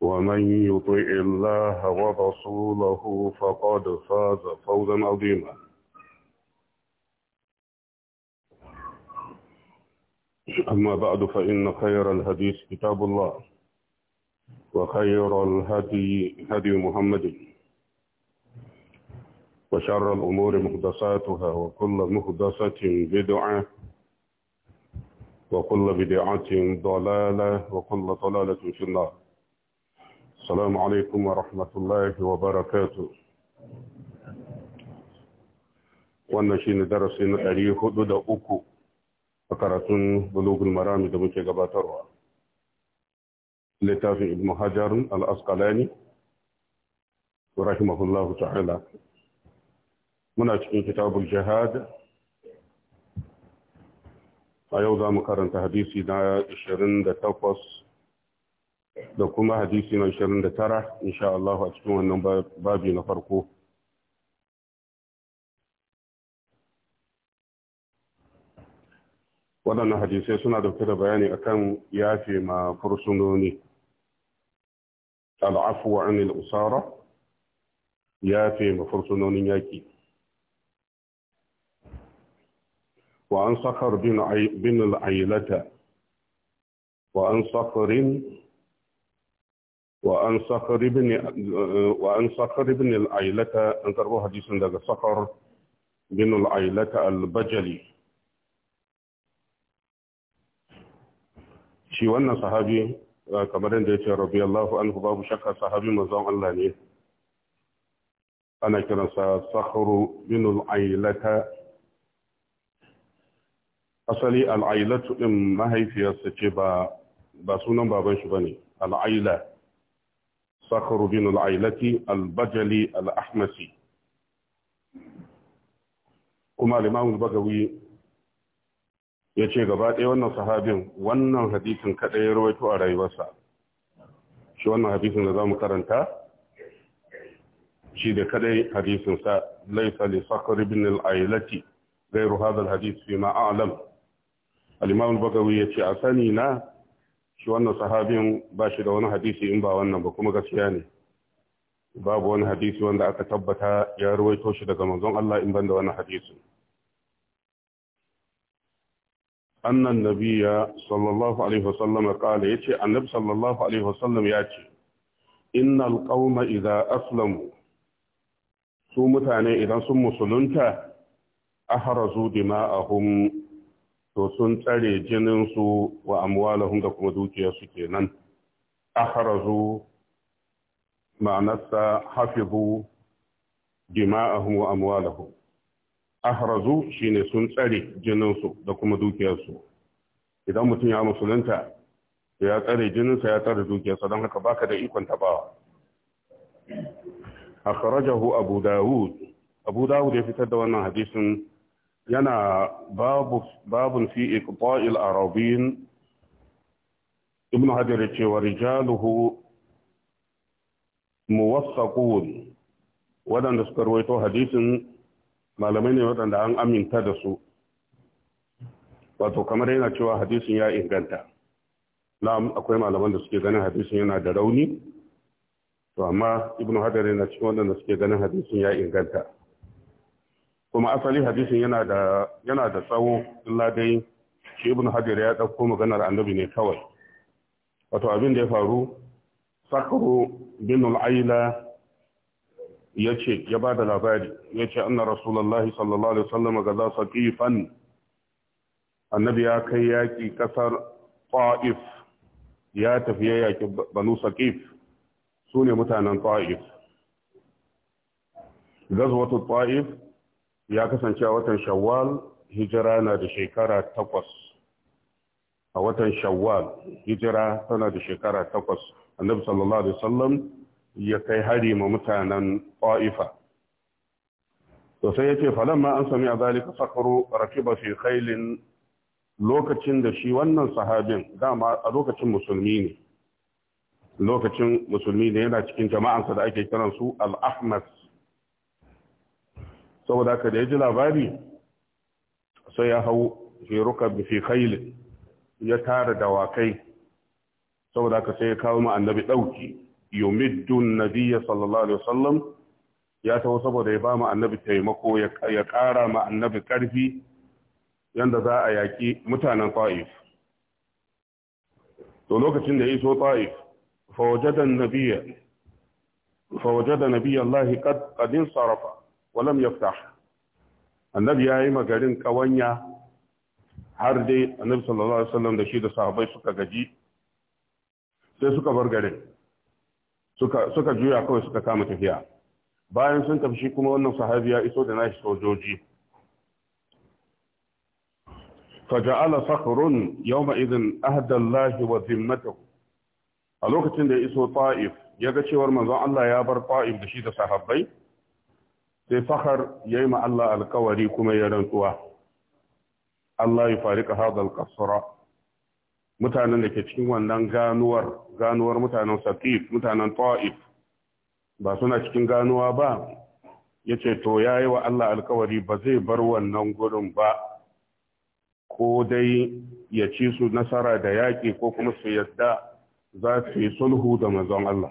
ومن يطع الله ورسوله فقد فاز فوزا عظيما أما بعد فإن خير الحديث كتاب الله وخير الهدي هدي محمد وشر الأمور محدثاتها وكل محدثة بدعة وكل بدعة ضلالة وكل ضلالة في النار السلام عليكم ورحمة الله وبركاته wannan shine darasi na ɗari hudu da uku a karatun bulugul marami da muke gabatarwa littafin ibn hajar al-asqalani rahimahullahu ta'ala muna cikin kitabul jihad a yau za mu karanta hadisi na 28 da kuma hadisi na 29 insha Allah a cikin wannan babi na farko waɗannan hadisai suna dauke da bayani akan yafe ma fursunoni al'afu wa anil usara yafe ma fursunonin yaƙi wa an sakar bin al'ayilata wa an sakarin وعن صخر بن وعن صخر بن العيلة أن تربو حديث عند صخر بن العيلة البجلي شي وانا صحابي kamar yadda ya ce rabi Allahu anhu babu shakka sahabi manzon Allah ne ana kiransa sahru bin al-ailata asali al-ailatu din mahaifiyarsa ce ba sunan babanshi shi صخر بن العيلة البجلي الأحمسي كما الإمام البغوي yace gaba ɗaya wannan sahabin wannan hadisin kaɗai ya rawaito a rayuwarsa shi wannan hadisin da za mu karanta shi da kaɗai hadisinsa laisa li sakar ibn ailati gairu hadal hadis fi a'lam yace a sani na shi wannan sahabin ba shi da wani hadisi in ba wannan ba kuma gaskiya ne babu wani hadisi wanda aka tabbata ya ruwaito shi daga manzon Allah in banda wannan hadisi annan nabiyya sallallahu alaihi wasallam kala yace annabi sallallahu alaihi wasallam ce innal qauma idza aslamu su mutane idan sun musulunta ahrazu dima'ahum to sun tsare jininsu wa amwalahum da kuma dukiyarsu kenan akharazu ma'anarsa hafizu dima'ahum wa amwalahum ahrazu shine sun tsare jininsu da kuma dukiyarsu idan mutum ya musulunta ya tsare jininsa ya tsare dukiyarsa don haka baka da ikon tabawa akhrajahu abu dawud abu dawud ya fitar da wannan hadisin yana babun fi iqta'il arabin ibn hajar ce wa rijaluhu muwassaqun waɗanda suka rawaito hadisin malamai ne waɗanda an aminta da su wato kamar yana cewa hadisin ya inganta na akwai malaman da suke ganin hadisin yana da rauni to amma ibn hajar yana cikin waɗanda suke ganin hadisin ya inganta kuma asali hadisin yana da yana da tsawo illa dai shi ibn hajar ya ɗauko maganar annabi ne kawai wato abin da ya faru sakru bin al'aila ya ce ya ba da labari ya ce anna rasulullahi sallallahu alaihi wasallam ga saqifan annabi ya kai yaki kasar ta'if ya tafi ya yaki banu saqif su mutanen ta'if gazwatu ta'if ya kasance a watan shawwal hijira na da shekara takwas a watan shawwal hijira tana da shekara takwas annabi sallallahu alaihi wasallam ya kai hari ma mutanen ƙwa'ifa to sai yace falamma an sami zalika sakharu rakiba fi khailin lokacin da shi wannan sahabin dama a lokacin musulmi ne lokacin musulmi ne yana cikin jama'ansa da ake kiran su al Ahmad. saboda haka da ya ji labari sai ya hau fi rukab fi ya tara dawakai saboda haka sai ya kawo ma annabi dauki yumiddu nabiyya sallallahu alaihi wasallam ya taho saboda ya ba mu annabi taimako ya kara ma annabi karfi yanda za a yaki mutanen ta'if to lokacin da ya iso ta'if fa wajada nabiyya fa wajada nabiyya Allah qad qad sarafa walam yaftah annabi yayi magarin kawanya har dai annabi sallallahu alaihi wasallam da shi da sahabbai suka gaji sai suka bar garin suka suka juya kawai suka kama tafiya bayan sun tafi kuma wannan sahabi ya iso da nashi sojoji فجعل صخر يومئذ أهدى الله وذمته a lokacin da ya iso ta'if ya ga cewar manzon Allah ya bar ta'if da shi da sahabbai sai fahar ya yi Allah alkawari kuma ya rantsuwa Allah ya ka hadal kasura mutanen da ke cikin wannan ganuwar ganuwar mutanen sakif mutanen ta'if ba suna cikin ganuwa ba ya ce to ya yi wa Allah alkawari ba zai bar wannan gurin ba ko dai ya ci su nasara da yaƙi ko kuma su yadda za su yi sulhu da manzon Allah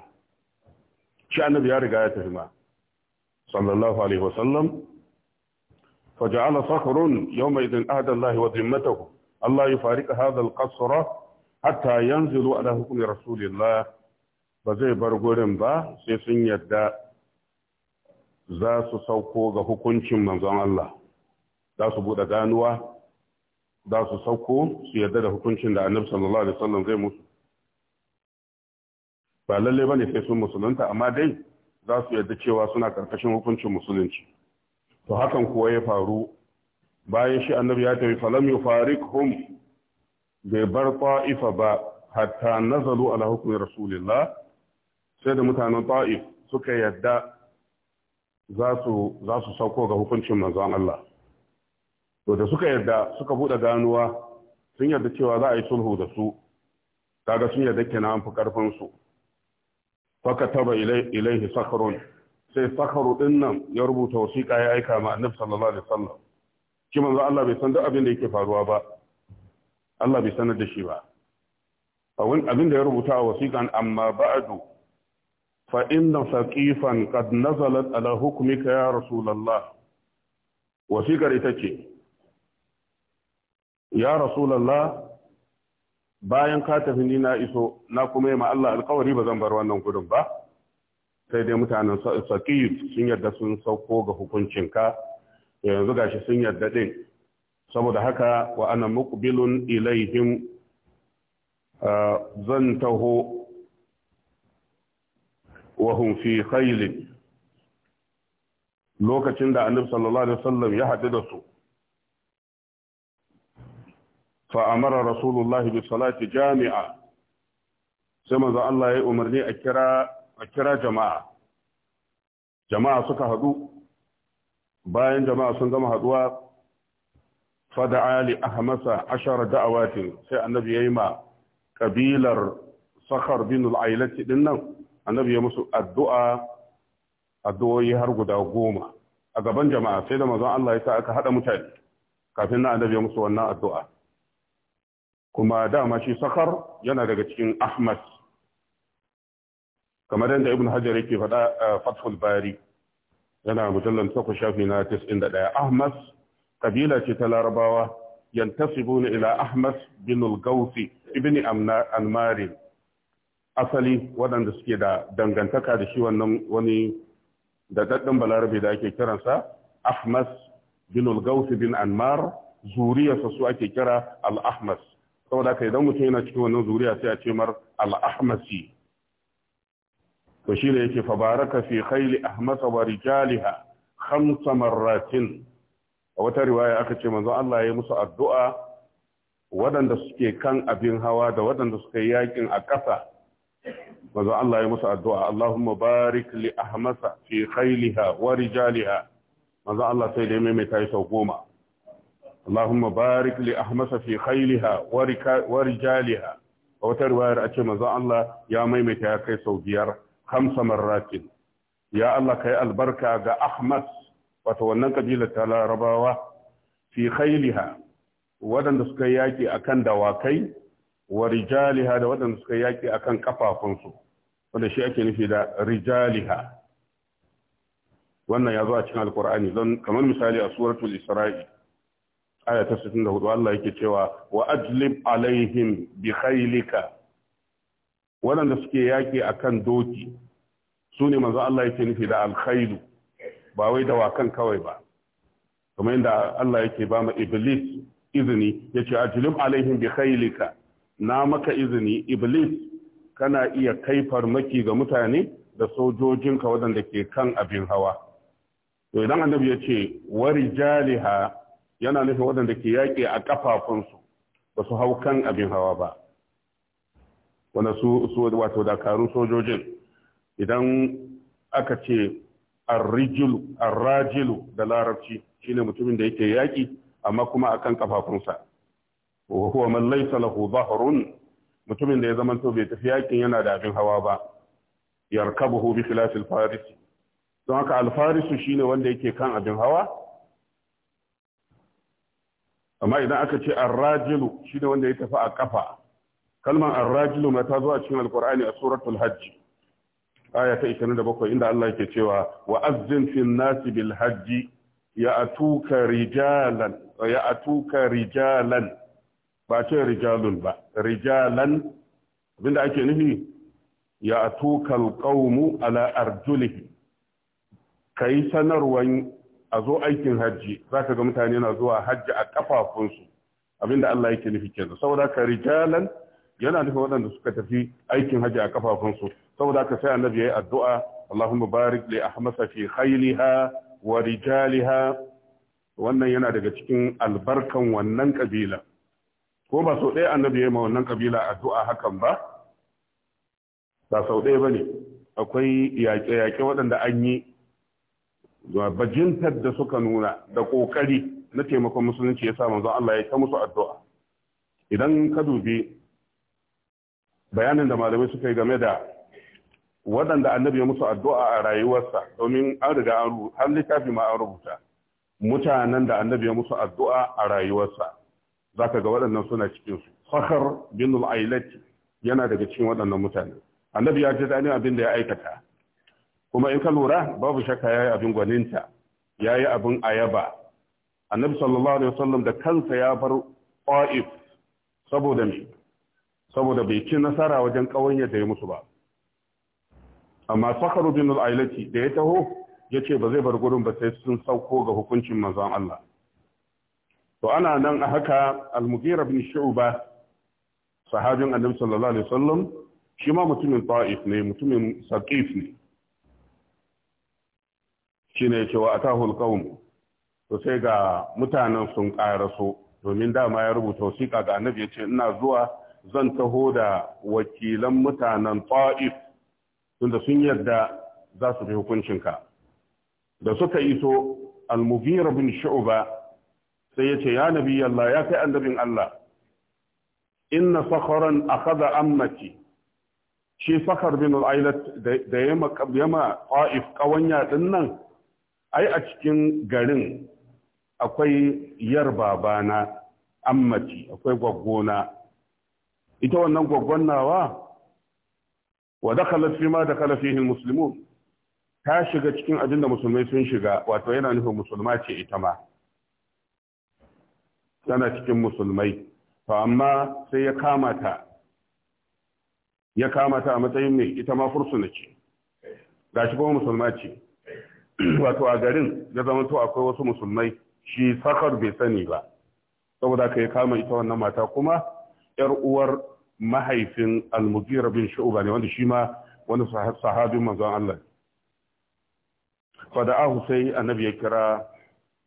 shi annabi ya riga ya tafi ma sallallahu alaihi wasallam فجعل صخر يومئذ أهدى الله وذمته الله يفارق هذا القصر حتى ينزل على حكم رسول الله بزي برغورن با sai sun yadda za su sauko ga hukuncin manzon Allah za su bude ganuwa za su sauko su yarda da hukuncin da annabi sallallahu alaihi wasallam zai musu ba lalle sai sun musulunta amma dai za su yadda cewa suna karkashin hukuncin musulunci to hakan kuwa ya faru bayan shi annabi ya tafi falam hum bai bar ta'ifa ba hatta nazalu ala hukumin rasulillah sai da mutanen ta'if suka yadda za su sauko ga hukuncin manzon Allah to da suka yadda suka bude ganuwa sun yarda cewa za a yi sulhu da su kaga sun yadda kenan an fi karfin su faka taba ilaihi sakharun sai sakharu din nan ya rubuta wasiƙa ya aika ma annabi sallallahu alaihi wasallam shi manzo Allah bai san duk abin da yake faruwa ba Allah bai sanar da shi ba awin abin da ya rubuta a wasiƙan amma ba'du fa inna saqifan qad nazalat ala hukmika ya rasulullah wasiƙar ita ce ya rasulullah bayan ka tafi ni na iso na kuma yi ma Allah alkawari ba zan bar wannan gudun ba sai dai mutanen saƙif sun yarda sun sauko ga hukuncin ka yanzu gashi sun yarda din saboda haka wa ana muqbilun ilaihim zan taho wa hum fi khayl lokacin da annabi sallallahu alaihi wasallam ya haɗu da su fa amara rasulullahi bi salati jami'a sai manzo Allah ya umarni a kira jama'a jama'a suka hadu bayan jama'a sun gama haduwa fada'a li ahmasa ashara da'awatin sai annabi yayi ma kabilar sakhar bin al-ailati dinnan annabi musu addu'o'i har guda goma a gaban jama'a sai da manzon Allah ya sa aka haɗa mutane kafin na annabi musu wannan addu'a kuma dama shi sakar yana daga cikin ahmad kamar yadda ibn hajar yake faɗa fathul bari yana mujallar takwas shafi na 91 ahmad kabila ce ta larabawa yantasibuna ila ahmad bin al ibn anmari asali waɗanda suke da dangantaka da shi wannan wani da daddin balarabe da ake kiransa ahmad bin bin anmar zuriyarsa su ake kira al-ahmad saboda ka idan mutum yana cikin wannan zuriya sai a ce mar al-ahmasi to shi ne yake fabaraka fi khayli ahmasa wa rijaliha khamsa marratin a wata riwaya aka ce manzo Allah ya musu addu'a waɗanda suke kan abin hawa da waɗanda suke yakin a kasa manzo Allah ya musu addu'a Allahumma barik li ahmasa fi khayliha wa rijaliha manzo Allah sai da ya maimaita sau goma Allahumma barik li ahmasa fi khailiha wa rijaliha a wata riwayar a ce manzon Allah ya maimaita ya kai sau biyar hamsa marratin ya Allah kai albarka ga Ahmad wato wannan kabilar ta Larabawa fi khailiha waɗanda suka yaki akan dawakai wa rijaliha da waɗanda suka yaki akan kafafunsu wanda shi ake nufi da rijaliha wannan ya zo a cikin alkur'ani don kamar misali a suratul isra'i aya ta 64 Allah yake cewa wa ajlib alaihim bi khailika waɗanda suke yaƙi akan doki sune ne manzo Allah yake nufi da alkhailu ba wai dawakan kawai ba kuma inda Allah yake ba ma iblis izini yace ajlib alaihim bi khailika na maka izini iblis kana iya kai farmaki ga mutane da sojojinka waɗanda ke kan abin hawa to idan annabi yace warijaliha yana nufin waɗanda ke yaƙi a ƙafafunsu ba su hau kan abin hawa ba wanda su wato dakarun sojojin idan aka ce arrajilu da larabci shine mutumin da yake yaƙi amma kuma akan ƙafafunsa wa huwa man laysa lahu dhahrun mutumin da ya zama to bai tafi yaƙin yana da abin hawa ba yarkabuhu bi filafil farisi don haka al shi shine wanda yake kan abin hawa amma idan aka ce arrajilu shi ne wanda ya tafi a kafa kalmar arrajilu ma ta zo a cikin alkur'ani a suratul hajji aya ta 27 inda Allah yake cewa wa azzin fil nasi bil hajji ya atuka rijalan ya atuka rijalan ba ce rijalun ba rijalan abinda ake nufi ya atuka alqawmu ala arjulihi kai sanarwan a zo aikin hajji za ka ga mutane na zuwa hajji a kafafunsu abinda Allah yake nufi kenan saboda ka rijalan yana nufin waɗanda suka tafi aikin hajji a kafafunsu saboda ka sai annabi yayi addu'a Allahumma barik li ahmasa fi khayliha wa rijaliha wannan yana daga cikin albarkan wannan kabila ko ba sau ɗaya annabi yi ma wannan kabila addu'a hakan ba ba sau ɗaya ba ne akwai yaƙe-yaƙe waɗanda an yi zuwa bajintar da suka nuna da ƙoƙari na taimakon musulunci ya sa manzon Allah ya ta musu addu'a idan ka dubi bayanin da malamai suka yi game da waɗanda annabi ya musu addu'a a rayuwarsa domin an riga an har littafi ma an rubuta mutanen da annabi ya musu addu'a a rayuwarsa za ka ga waɗannan suna su. fakar bin al'ailati yana daga cikin waɗannan mutane annabi ya ji daɗin abin da ya aikata kuma in ka lura babu shakka yayi abin gwaninta yayi abin ayaba annabi sallallahu alaihi wasallam da kansa ya bar qa'if saboda me saboda bai ci nasara wajen kawanya da ya musu ba amma sakaru bin al-ailati da ya taho yace ba zai bar gurin ba sai sun sauko ga hukuncin manzon Allah to ana nan a haka al-mughira bin shu'ba sahabin annabi sallallahu alaihi wasallam shi ma mutumin qa'if ne mutumin saqif ne shine yake wa atahul to sai ga mutanen sun karaso domin dama ya rubuta wasiƙa ga annabi ce ina zuwa zan taho da wakilan mutanen ta'if tunda sun yarda za su fi hukuncinka da suka iso almubiyar bin shu'ba sai yace ya nabi Allah ya kai annabin Allah inna sakharan akhadha ammati shi sakhar bin al-ailat da yama yama ta'if kawanya nan? ai a cikin garin akwai yar babana ammati akwai gwaggona ita wannan gwaggon nawa wa dakhalat fi ma dakhala fihi almuslimun ta shiga cikin abin da musulmai sun shiga wato yana nufin musulma ce ita ma tana cikin musulmai to amma sai ya kama ta ya kama ta a matsayin mai ita ma fursuna ce gashi kuma musulma ce wato a garin ya zama to akwai wasu musulmai shi sakar bai sani ba saboda ka ya kama ita wannan mata kuma yar uwar mahaifin al bin shu'ba ne wanda shi ma wani sahabin manzon Allah ahu sai annabi ya kira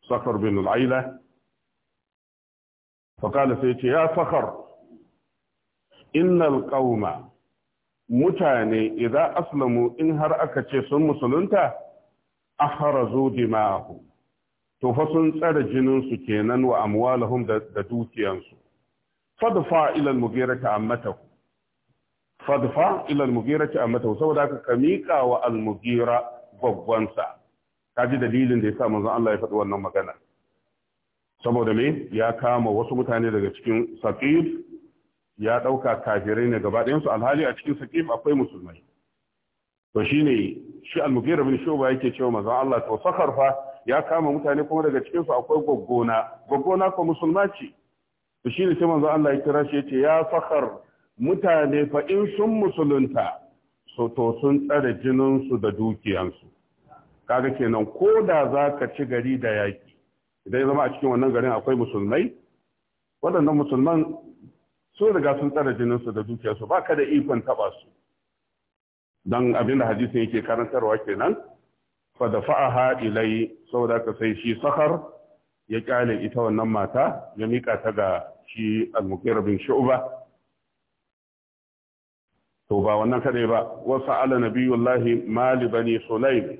sakar bin al-aila sai ce ya sakar innal qauma mutane idan aslamu in har aka ce sun musulunta zo dima'ahum to fa sun tsare jinin su kenan wa amwalahum da dukiyansu fadfa ila al-mughirati ammatahu fadfa ila al-mughirati ammatahu saboda haka ka mika wa al-mughira gwaggwansa kaji dalilin da yasa manzon Allah ya faɗi wannan magana saboda me ya kama wasu mutane daga cikin saqif ya dauka kafirai ne gaba ɗayan su alhali a cikin saqif akwai musulmai to shine shi al bin shuba yake cewa manzon Allah to sakar fa ya kama mutane kuma daga cikin su akwai goggona goggona ko musulma ce to shine sai manzon Allah ya kira shi yace ya sakar mutane fa in sun musulunta so to sun tsare jinin su da dukiyansu kaga kenan ko da zaka ci gari da yaki idan zama a cikin wannan garin akwai musulmai waɗannan musulman sun riga sun tsare jininsu da dukiyansu, ba ka da ikon taɓa su don da hadisin yake karantarwa kenan fa da fa'a fa'aha ilai saboda ka sai shi sakar ya kyale ita wannan mata ya miƙa ta ga shi al bin shu'ba to ba wannan kadai ba wa sa'ala nabiyullahi mali bani sulaym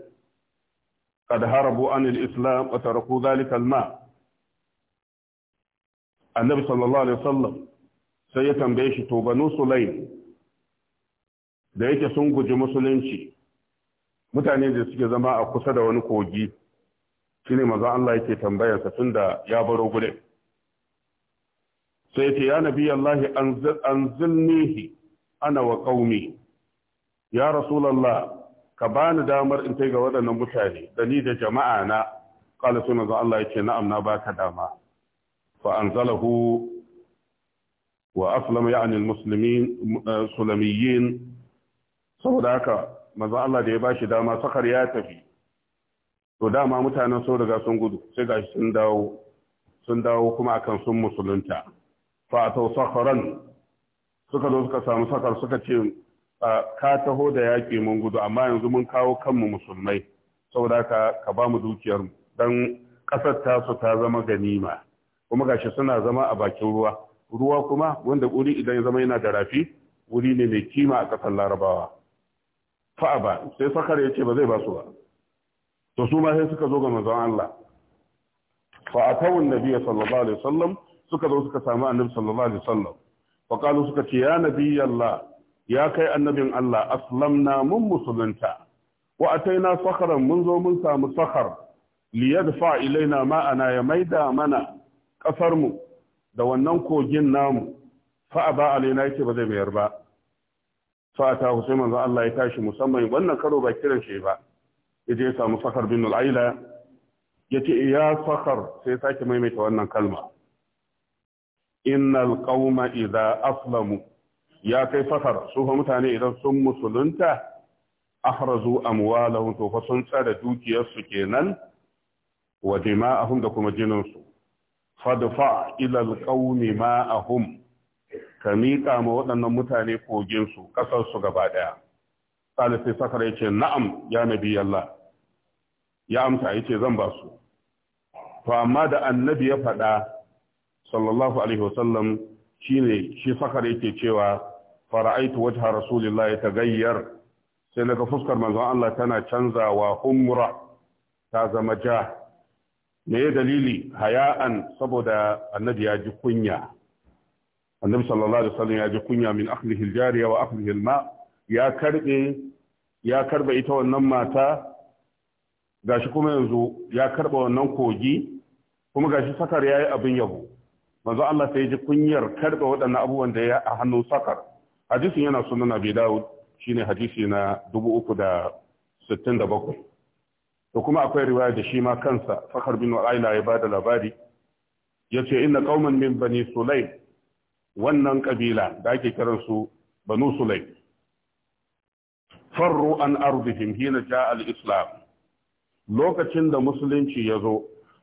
qad harabu an al-islam wa taraku dhalika al annabi sallallahu alaihi wasallam sai ya tambaye shi to banu sulaym da yake sun guji musulunci mutane da suke zama a kusa da wani kogi shine maza Allah yake tambayarsa da ya baro gudun sai ce ya nabi Allah an zilnihi ana wa ƙaumi ya rasulallah ka bani damar in kai ga waɗannan mutane da ni da jama'a na ƙala suna za Allah yake na'am na ka dama fa zalahu wa aslama ya'ni almuslimin saboda haka maza Allah da ya ba shi dama sakar ya tafi to dama mutanen sun riga sun gudu sai gashi sun dawo sun dawo kuma akan sun musulunta fa ta sakaran suka zo suka samu sakar suka ce ka taho da yaƙi mun gudu amma yanzu mun kawo kanmu musulmai saboda haka ka ba mu dukiyar mu dan kasar tasu ta zama ganima kuma gashi suna zama a bakin ruwa ruwa kuma wanda wuri idan ya zama yana da rafi wuri ne mai kima a ƙasar larabawa fa'a ba sai sakar ya ce ba zai ba su ba to su ma sai suka zo ga manzon Allah fa atawun nabiyyi sallallahu alaihi wasallam suka zo suka samu annabi sallallahu alaihi wasallam fa qalu suka ce ya nabiyyi Allah ya kai annabin Allah aslamna mun musulunta wa ataina sakharan mun zo mun samu sakhar li yadfa ilaina ma ana ya maida mana kasar mu da wannan kogin namu fa aba alaina yake ba zai mayar ba fa'ata sai manzo Allah ya tashi musamman wannan karo ba kiran shi ba yaje ya samu fakar bin al-aila yace ya fakar sai sake maimaita wannan kalma innal qauma idza aslamu ya kai fakar su fa mutane idan sun musulunta ahrazu amwalahum to fa sun tsara dukiyarsu kenan wa dima'ahum da kuma jininsu fadfa ila al ma'ahum ka miƙa ma waɗannan mutane koginsu ƙasarsu gaba ɗaya ƙala sai sakar ya ce na'am ya nabi Allah ya amsa ya ce zan ba su to amma da annabi ya faɗa sallallahu alaihi wasallam ne shi sakar ke cewa fara'aitu wajha ta gayyar. sai ga fuskar manzon Allah tana canzawa humra ta zama ja me dalili haya'an saboda annabi ya ji kunya annabi sallallahu alaihi wasallam ya ji kunya min akhlihi aljariya wa akhlihi alma ya karbe ya karba ita wannan mata gashi kuma yanzu ya karba wannan kogi kuma gashi sakar yayi abin yabo manzo Allah sai ya ji kunyar karba waɗannan abubuwan da ya a hannun sakar hadisin yana sunan abi Dawud, shine hadisi na 367 to kuma akwai riwaya da shi ma kansa fakar bin wa'ila ya bada labari yace inna qauman min bani sulaim wannan kabila da ake kiransu banu sulaim farru an arzihim hina ja al-islam lokacin da musulunci ya zo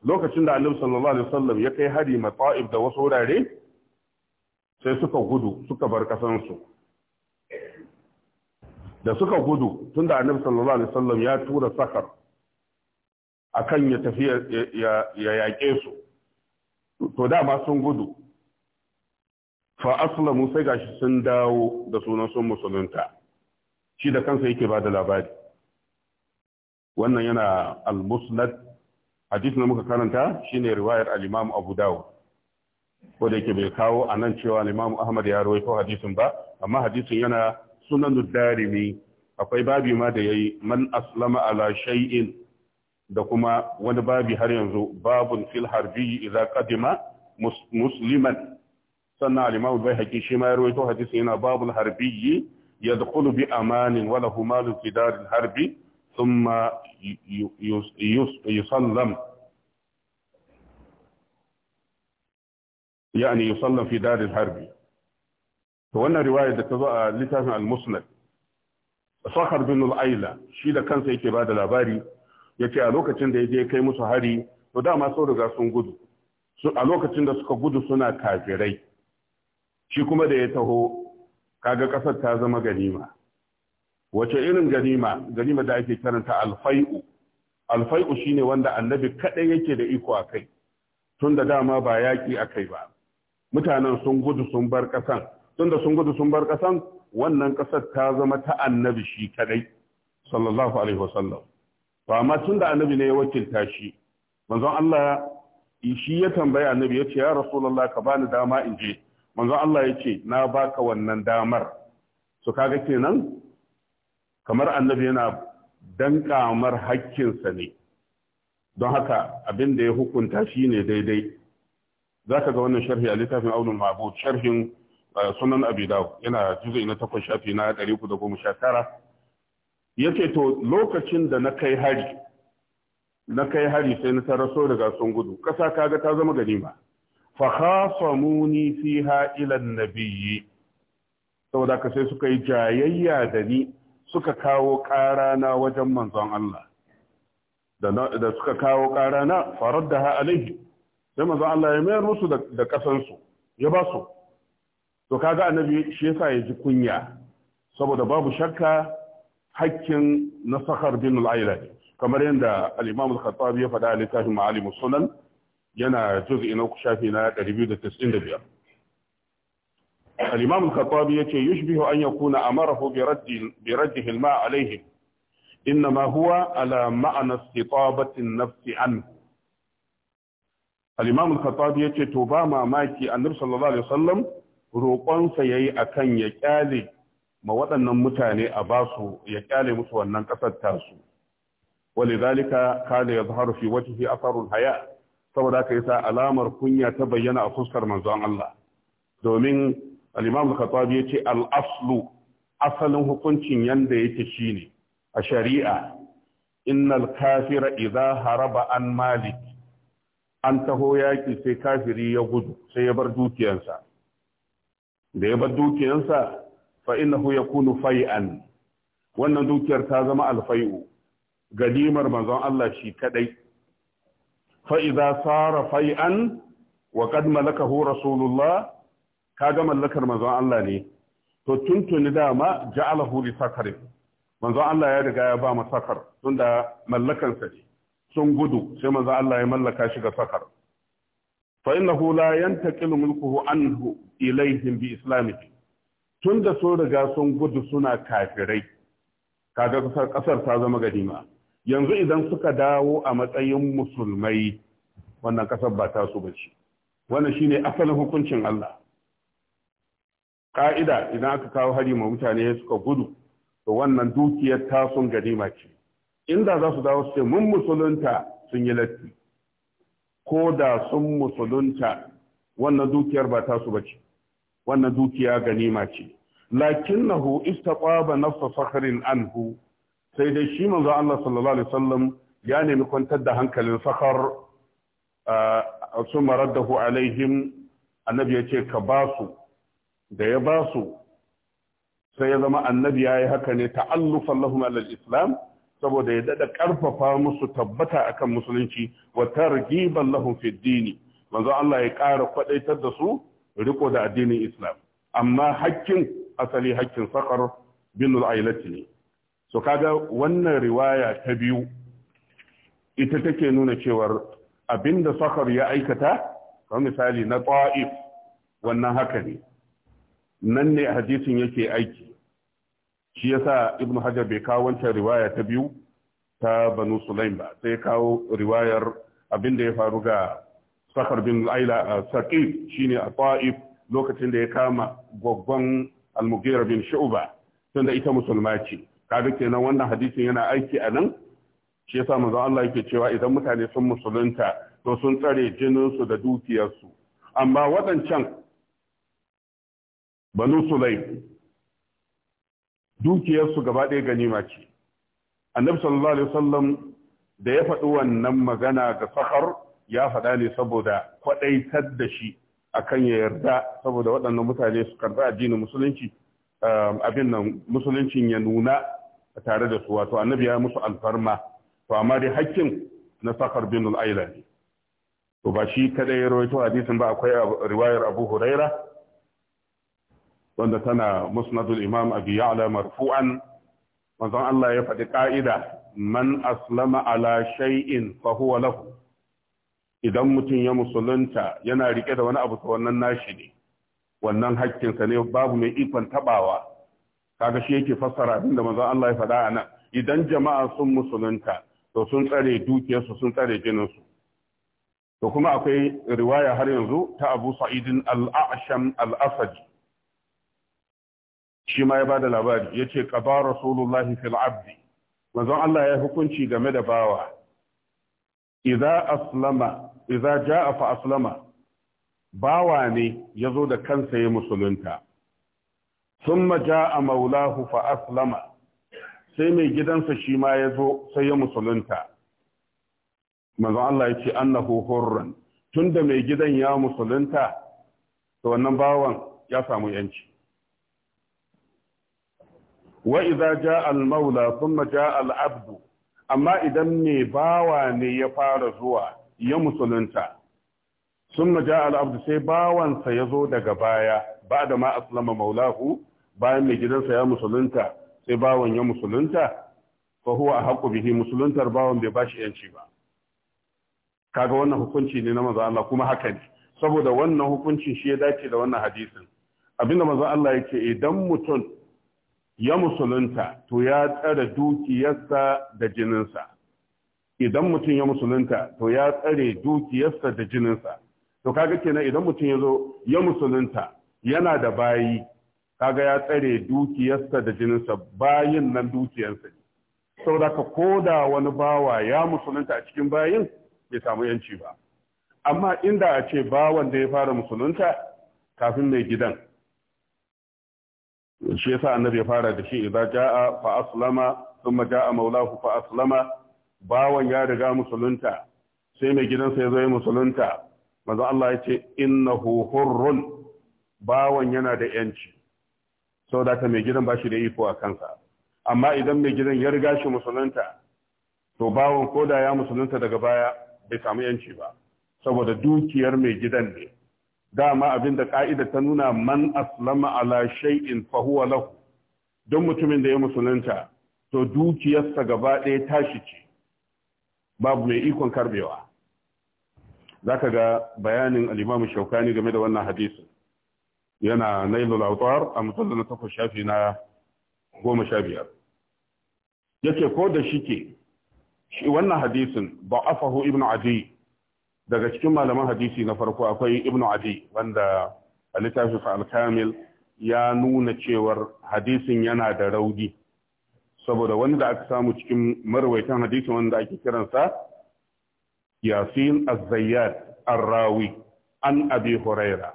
lokacin da annabi sallallahu alaihi wasallam ya kai hari mata'ib da wasu wurare sai suka gudu suka bar kasansu da suka gudu tunda annabi sallallahu alaihi wasallam ya tura sakar akan ya tafi ya yaƙe su to dama sun gudu fa aslamu sai gashi sun dawo da sunan sun musulunta shi da kansa yake ba da labari wannan yana al-musnad hadisin na muka karanta shine riwayar al-imam abu dawud ko da yake bai kawo a nan cewa al-imam ahmad ya rawaito hadisin ba amma hadisin yana sunan darimi akwai babi ma da yayi man aslama ala shay'in da kuma wani babi har yanzu babun fil harbi idza qadima musliman sannan al bai haƙi shi ma ya rawaito hadisi yana babul harbiyyi yadkhulu bi amanin wala lahu fidarin harbi thumma yusallam yani yusallam fi harbi to wannan riwayar da ta zo a littafin al-musnad Sakar bin al'aila shi da kansa yake bada labari ya ce a lokacin da ya ya kai musu hari to dama sau riga sun gudu a lokacin da suka gudu suna kafirai shi kuma da ya taho kaga ƙasar ta zama ganima wace irin ganima ganima da ake karanta alfai'u alfai'u shine wanda annabi kaɗai yake da iko a kai tun da dama ba yaƙi a kai ba mutanen sun gudu sun bar ƙasan tun sun gudu sun bar ƙasan wannan ƙasar ta zama ta annabi shi kaɗai sallallahu alaihi wasallam to amma tun da annabi ne ya wakilta shi manzon Allah shi ya tambayi annabi ya ce ya rasulullah ka bani dama in je manzo Allah ya ce na baka wannan damar su kaga kenan kamar annabi yana danƙamar hakkinsa ne don haka abin da ya hukunta shi ne daidai za ka ga wannan sharhi a littafin aunin mabud sharhin eh, sunan abidaw yana juzo na takwas shafi na 319 ya ce to lokacin da na kai hari na kai hari sai na taraso daga sun gudu ƙasa kaga ta zama ganima fa fi fiha nabiyyi saboda ka sai suka yi jayayya da ni suka kawo ƙarana wajen manzon Allah da suka kawo ƙarana farar da ha sai manzon Allah ya mayar musu da ƙasansu ya ba su to kaga annabi shi yasa ya ji kunya saboda babu shakka hakkin na sakar bin al'aila kamar yadda al al-khattabi ya faɗa a littafin ma'alimu sunan yana juz'i na shafi na 295 al-imam al-khattabi yace yushbihu an yakuna amarahu bi raddi bi raddihi al-ma' alayhi inma huwa ala ma'na istitabati an-nafs anhu al-imam al-khattabi yace to ba mamaki annabi sallallahu alaihi wasallam roƙonsa yayi akan ya kyale ma waɗannan mutane a basu ya kyale musu wannan ƙasar tasu ولذلك كان يظهر في وجهه أثر الحياء saboda haka yasa alamar kunya ta bayyana a fuskar manzon Allah domin al-Imam al-Khattabi yace al-aslu asalin hukuncin yanda yake shine a shari'a innal kafira idza haraba an malik an taho yaki sai kafiri ya gudu sai ya bar dukiyansa da ya bar dukiyansa fa innahu yakunu fai'an wannan dukiyar ta zama alfai'u ganimar manzon Allah shi kadai fa'iza sara fai'an wa kad malakahu rasulullah kaga mallakar manzon Allah ne to tuntuni dama ja'alahu li sakar manzon Allah ya riga ya ba mu sakar tunda mallakan sun gudu sai manzon Allah ya mallaka shi ga sakar fa innahu la yantaqilu mulkuhu anhu ilaihim bi islamihi tunda sun riga sun gudu suna kafirai kaga kasar ta zama ganima yanzu idan suka dawo a matsayin musulmai wannan kasar ba ta su bace wannan shine asalin hukuncin Allah ka'ida idan aka kawo hari ma mutane suka gudu to wannan dukiyar ta tasun ganima ce inda za su dawo su ce mun musulunta sun yi latti ko da sun musulunta wannan dukiyar ba ta su bace wannan dukiya ganima ce lakinnahu istaqaba nafsa sakhrin anhu sai dai shi manzo Allah sallallahu alaihi wasallam ya nemi kwantar da hankalin sakar su maraddahu alaihim annabi ya ce ka basu da ya basu sai ya zama annabi ya yi haka ne ta'allufan lahum alal islam saboda ya dada karfafa musu tabbata akan musulunci wa targiban lahum fi dini manzo Allah ya ƙara kwadaitar da su riko da addinin islam amma hakkin asali hakkin sakar binul ailati ne so kaga wannan riwaya ta biyu ita take nuna cewar abinda sakar ya aikata kamar misali na ta'if wannan haka ne nan ne hadisin yake aiki shi yasa ibnu hajar bai kawo wancan riwaya ta biyu ta banu sulaim ba sai kawo riwayar abinda ya faru ga sakar bin aila saqif shine a ta'if lokacin da ya kama gwaggon al bin shu'ba tunda ita musulma ce kaga kenan wannan hadisin yana aiki a nan shi yasa manzon Allah yake cewa idan mutane sun musulunta to sun tsare jininsu da dukiyarsu amma waɗancan banu sulaim dukiyarsu gaba ɗaya ganima ce annabi sallallahu alaihi wasallam da ya faɗi wannan magana ga safar ya faɗa ne saboda kwaɗaitar da shi akan ya yarda saboda waɗannan mutane su karɓi addinin musulunci eh, abin nan musuluncin ya nuna tare da su wato annabi ya musu alfarma to amma dai hakkin na sakar bin al ne to ba shi kadai ya rawaito hadisin ba akwai riwayar abu huraira wanda tana musnadul imam abi ya'la marfu'an manzon Allah ya faɗi ka'ida man aslama ala shay'in fa huwa lahu idan mutum ya musulunta yana rike da wani abu ta wannan nashi ne wannan hakkinsa ne babu mai ikon tabawa kaga shi yake fassara abin da manzon Allah ya faɗa a nan idan jama'a sun musulunta to sun tsare dukiyarsu sun tsare jininsu to kuma akwai riwaya har yanzu ta Abu Sa'idin al-A'sham al-Asadi shi ma ya bada labari Ya ce qada rasulullahi fil abdi manzon Allah ya hukunci game da bawa idza aslama idza jaa fa aslama bawa ne ya zo da kansa ya musulunta thumma a maulahu fa aslama sai mai gidansa shi ma ya zo sai ya musulunta manzon Allah ya ce annahu hurran tunda mai gidan ya musulunta to wannan bawan ya samu yanci wa idza jaa al maula thumma jaa al abdu amma idan mai bawa ne ya fara zuwa ya musulunta sun al al'abdu sai bawansa ya zo daga baya ba da ma aslama maulahu bayan mai gidansa ya musulunta sai bawan ya musulunta ko huwa haƙu bihi musuluntar bawan bai bashi yanci ba kaga wannan hukunci ne na manzo Allah kuma haka ne saboda wannan hukuncin shi ya dace da wannan hadisin abinda manzo Allah yake idan mutum ya musulunta to ya tsare dukiyarsa da jininsa idan mutum ya musulunta to ya tsare dukiyarsa da jininsa to kaga kenan idan mutum ya zo ya musulunta yana da bayi kaga ya tsare dukiyarsa da jininsa bayin nan dukiyarsa ne saboda ka koda wani bawa ya musulunta a cikin bayin bai samu yanci ba amma inda a ce bawan da ya fara musulunta kafin mai gidan shi yasa annabi ya fara da shi idza jaa fa aslama thumma jaa maulahu fa bawan ya riga musulunta sai mai gidansa ya zo ya musulunta manzo Allah ya ce innahu hurrun bawan yana da yanci sau da ka mai gidan ba shi da iko a kansa amma idan mai gidan ya riga shi musulunta to bawon ko da ya musulunta daga baya bai samu yanci ba saboda dukiyar mai gidan ne dama abin da ka'ida ta nuna man aslama ala shay'in fa huwa lahu don mutumin da ya musulunta to dukiyarsa gaba ɗaya tashi ce babu mai ikon karbewa zaka ga bayanin al-Imam Shawkani game da wannan hadisin yana nailu lautar a mutum na takwas shafi na goma sha biyar yake ko da shi ke shi wannan hadisin ba fahu, Ibn adi daga cikin malaman hadisi na farko akwai Ibn adi wanda a littafin al-kamil ya nuna cewar hadisin yana da raudi saboda wanda aka samu cikin marwaitan hadisin wanda ake kiransa yasin az-zayyad ar-rawi an abi huraira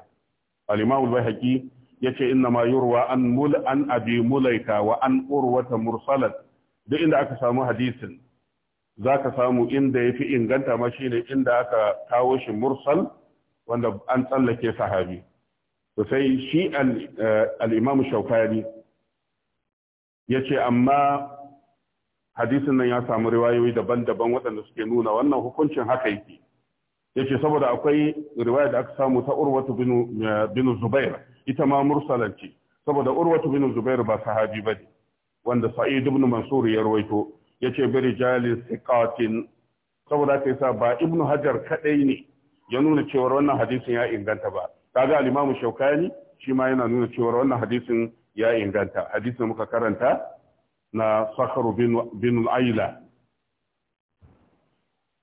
al-imam al-bayhaqi yace inna ma yurwa an mul an abi mulaika wa an urwata mursalat duk inda aka samu hadisin zaka samu inda yafi inganta ma shine inda aka kawo shi mursal wanda an tsallake sahabi to sai shi eh, al-imam shaukani yace amma hadisin nan ya samu riwayoyi daban-daban waɗanda suke nuna wannan hukuncin haka yake yace saboda akwai riwaya da aka samu ta urwatu bin zubair ita ma mursalanci saboda urwatu bin zubair ba sahabi bane wanda sa'id ibn mansur ya rawaito yace bi rijalin siqatin saboda kai sa ba ibn hajar kadai ne ya nuna cewa wannan hadisin ya inganta ba kaga al imamu shaukani shi ma yana nuna cewa wannan hadisin ya inganta hadisin muka karanta na sakharu bin bin al-aila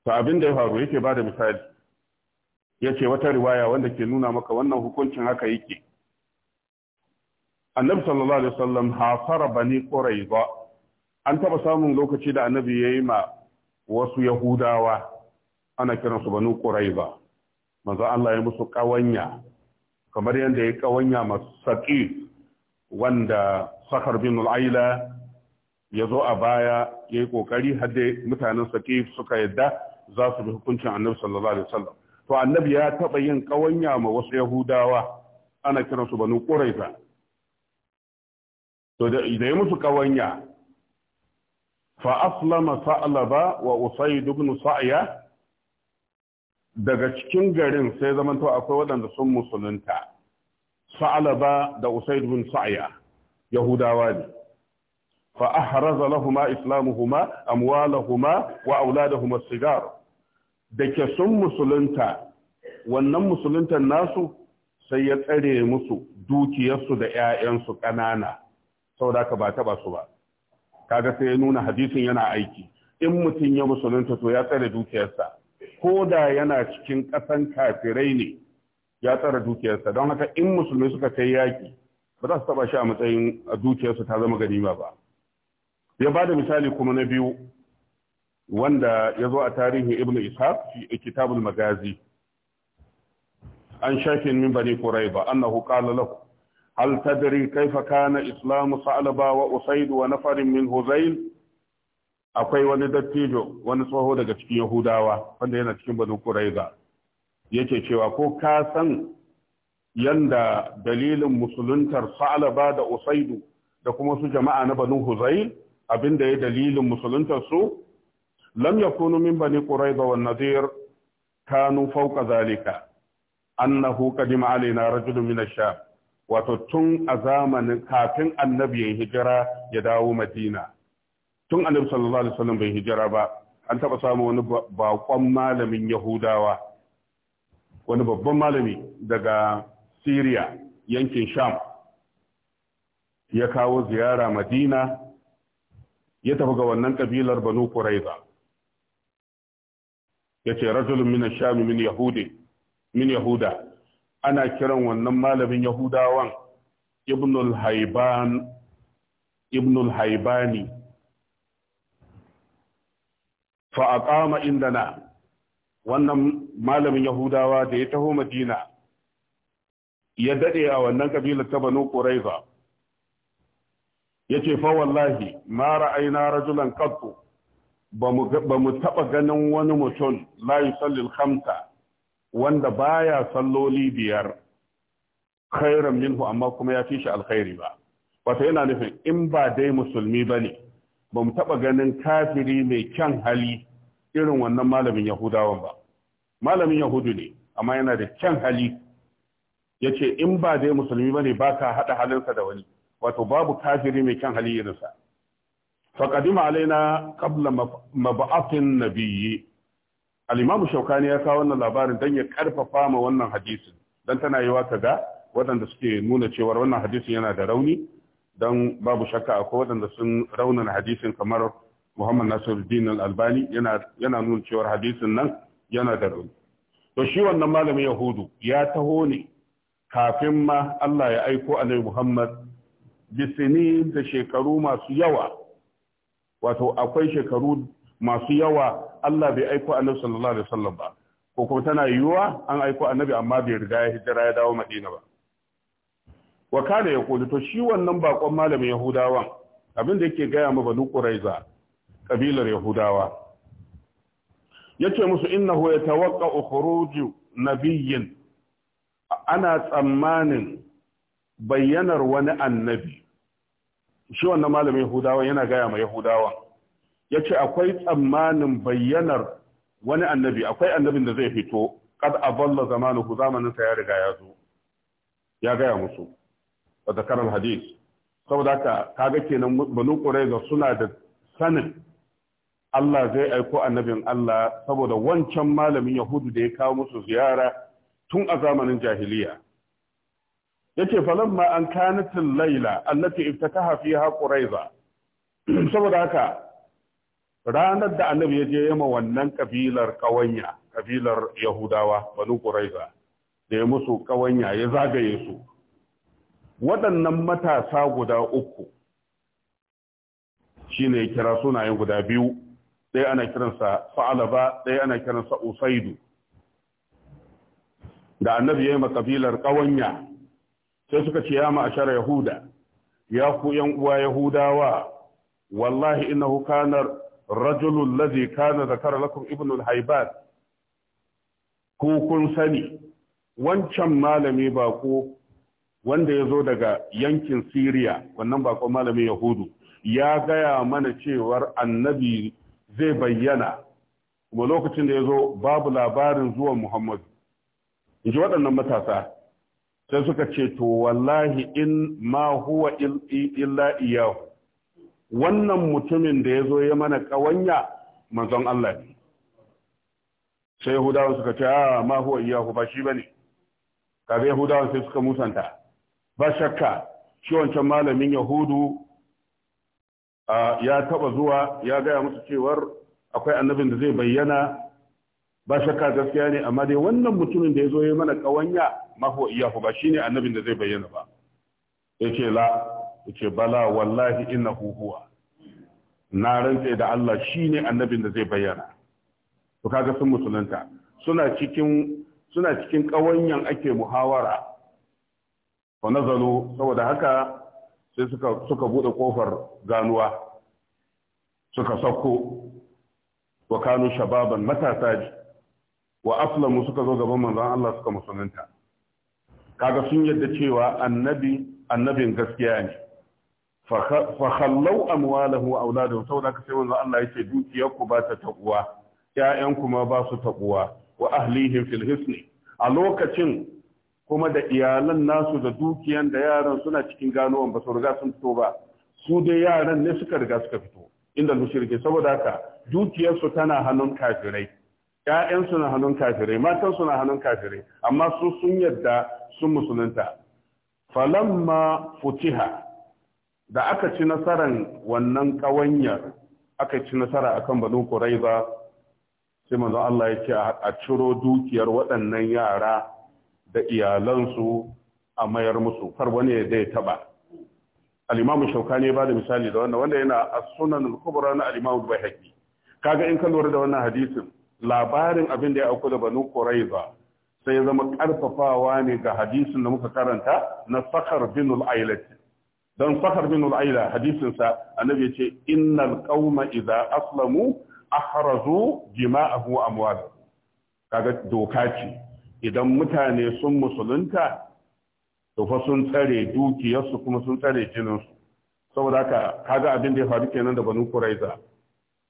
abin ya faru yake bada misali yace wata riwaya wanda ke nuna maka wannan hukuncin haka yake annabi sallallahu alaihi wasallam hafara bani quraiza an taba samun lokaci da annabi yayi ma wasu yahudawa ana kiransu banu ba manzo Allah ya musu kawanya kamar yadda ya kawanya masaki wanda sakar bin al'aila ya zo a baya ya yi ƙoƙari hadde mutanen saki suka yadda za su bi hukuncin annabi sallallahu alaihi wasallam to annabi ya taɓa yin ƙawanya ma wasu yahudawa ana su banu ƙuraiza to da ya musu ƙawanya fa aslama sa'alaba wa usayd ibn sa'ya daga cikin garin sai zaman to akwai waɗanda sun musulunta sa'laba da usayd ibn sa'ya yahudawa ne fa ahraza lahumu islamuhuma amwalahuma wa huma sigar da ke sun musulunta wannan musuluntan nasu sai ya tsare musu dukiyarsu da 'ya'yansu ƙanana saboda ka ba taɓa su ba kaga sai ya nuna hadisin yana aiki in mutum ya musulunta to ya tsare dukiyarsa ko da yana cikin ƙasan kafirai ne ya tsare dukiyarsa don haka in musulmi suka kai yaƙi ba za su taɓa shi a matsayin dukiyarsu ta zama ganima ba ya ba da misali kuma na biyu wanda ya zo a tarihin ibn ishaq fi al magazi an shafin min bani quraiba annahu qala lahu hal tadri kayfa kana islamu sa'laba wa usayd wa nafar min huzayl akwai wani dattijo wani tsoho daga cikin yahudawa wanda yana cikin bani quraiba yake cewa ko ka san yanda dalilin musuluntar sa'laba da usaidu da kuma su jama'a na bani huzayl abinda ya dalilin musuluntar su lam yakunu bani quraiba wan nadir kanu fawqa zalika annahu qadima alaina rajulun min ash-sham wato tun a zamanin kafin annabi ya hijira ya dawo madina tun annabi sallallahu alaihi wasallam bai hijira ba an taɓa samun wani bakon malamin yahudawa wani babban malami daga Siriya yankin Sham ya kawo ziyara Madina ya tafi ga wannan kabilar bani Quraiza yace rajulun min ash-sham min yahudi min yahuda ana kiran wannan malamin yahudawan ibnul haiban ibnul haibani fa aqama indana wannan malamin yahudawa da ya taho madina ya dade a wannan kabila ta banu quraiza yace fa wallahi ma ra'ayna rajulan qattu ba mu taɓa ganin wani mutum layu sallil hamsa wanda baya salloli biyar khairan minhu amma kuma ya fi shi alkhairi ba wato yana nufin in ba dai musulmi ba ne ba mu taɓa ganin kafiri mai kyan hali irin wannan malamin yahudawan ba malamin yahudu ne amma yana da kyan hali ya ce in ba dai musulmi ba ne ba ka haɗa halinsa da wani wato babu kafiri mai kyan hali irinsa faƙadima alaina kabla mab'athin nabiyyi al-imamu shaukani ya kawo wannan labarin dan ya karfafa ma wannan hadisin dan tana yiwa kaga waɗanda suke nuna cewa wannan hadisin yana da rauni dan babu shakka akwai waɗanda sun raunin hadisin kamar Muhammad Nasiruddin Al-Albani yana yana nuna cewa hadisin nan yana da rauni to shi wannan malamin Yahudu ya taho ne kafin ma Allah ya aiko Annabi Muhammad bisini da shekaru masu yawa wato akwai shekaru masu yawa Allah bai aiko annabi sallallahu alaihi wasallam ba ko kuma tana yiwuwa an aiko annabi amma bai riga ya hijira ya dawo madina ba wa kana ya kulu to shi wannan bakon malamin yahudawan abin da yake gaya ma banu quraiza kabilar yahudawa Ya ce musu innahu yatawaqqa'u na nabiyyin ana tsammanin bayyanar wani annabi shi wannan malamin yahudawan yana gaya ma yahudawan ya ce akwai tsammanin bayyanar wani annabi akwai annabin da zai fito kad aballa zamanin zamaninsa ya riga ya zo ya gaya musu wa zakarar hadis saboda haka kaga kenan banu da suna da sanin Allah zai aiko annabin Allah saboda wancan malamin yahudu da ya kawo musu ziyara tun a zamanin jahiliya yace falamma an kanatil laila allati iftataha fiha quraiza saboda haka ranar da annabi ya je yama wannan kabilar kawanya kabilar yahudawa banu quraiza da ya musu kawanya ya zagaye su waɗannan matasa guda uku shine ya kira sunayen guda biyu ɗaya ana kiransa sa'alaba ɗaya ana kiransa usaidu da annabi ya yi kabilar ƙawanya. sai suka ce ya ma'ashar yahuda ya ku yan uwa yahudawa wallahi innahu kana rajulul ladhi kana zakara lakum ibnu al-haybat ku kun sani wancan malami bako wanda ya zo daga yankin Siriya wannan bako malamin Yahudu ya gaya mana cewar annabi zai bayyana kuma lokacin da ya zo babu labarin zuwan Muhammadu in ji waɗannan matasa sai suka ce to wallahi in ma huwa illa iyahu wannan mutumin da ya zo ya mana ƙawanya manzon Allah ne sai yahudawan suka ce a ah, ma huwa iyahu ba shi bane kaga yahudawan sai suka musanta ba shakka shi wancan malamin yahudu ah, ya taɓa zuwa ya gaya musu cewar akwai annabin da zai bayyana ba shakka gaskiya ne amma dai wannan mutumin da ya zo ya mana kawanya maho iyahu ba shine annabin da zai bayyana ba yace la yace bala wallahi innahu huwa na rantse da Allah shine annabin da zai bayyana to kaga sun musulunta suna cikin suna cikin kawanyan ake muhawara fa nazalu saboda haka sai suka suka bude kofar ganuwa suka sako wa kanu shababan matasa wa aslamu suka zo gaban manzon Allah suka musulunta kaga sun yadda cewa annabi annabin gaskiya ne fa khallau amwalahu wa saboda sai manzon Allah yace dukiyar ku ba ta takuwa ƴaƴan ma ba su takuwa wa ahlihim fil hisni a lokacin kuma da iyalan nasu da dukiyan da yaran suna cikin ganuwan ba su riga sun fito ba su dai yaran ne suka riga suka fito inda mushrikin saboda haka dukiyarsu tana hannun kafirai ƴaƴansu na hannun kafirai matansu na hannun kafirai amma su sun yadda sun musulunta falamma futiha da aka ci nasaran wannan ƙawanyar aka ci nasara akan banu quraiza sai manzo Allah ya ce a ciro dukiyar waɗannan yara da iyalansu a mayar musu kar wani ya dai taba al-imamu shaukani ba bada misali da wannan wanda yana as-sunan al-kubra na al-imamu bayhaqi kaga in ka lura da wannan hadisin labarin abin da ya auku da banu Quraiza sai ya zama karfafawa ne ga hadisin da muka karanta na Sakhar bin al Don Sakhar bin al-Aila hadisin sa annabi ya ce innal qauma idza aslamu ahrazu jima'ahu wa amwalahu kaga doka ce idan mutane sun musulunta to fa sun tsare dukiyarsu kuma sun tsare jininsu saboda haka kaga abin da ya faru kenan da banu Quraiza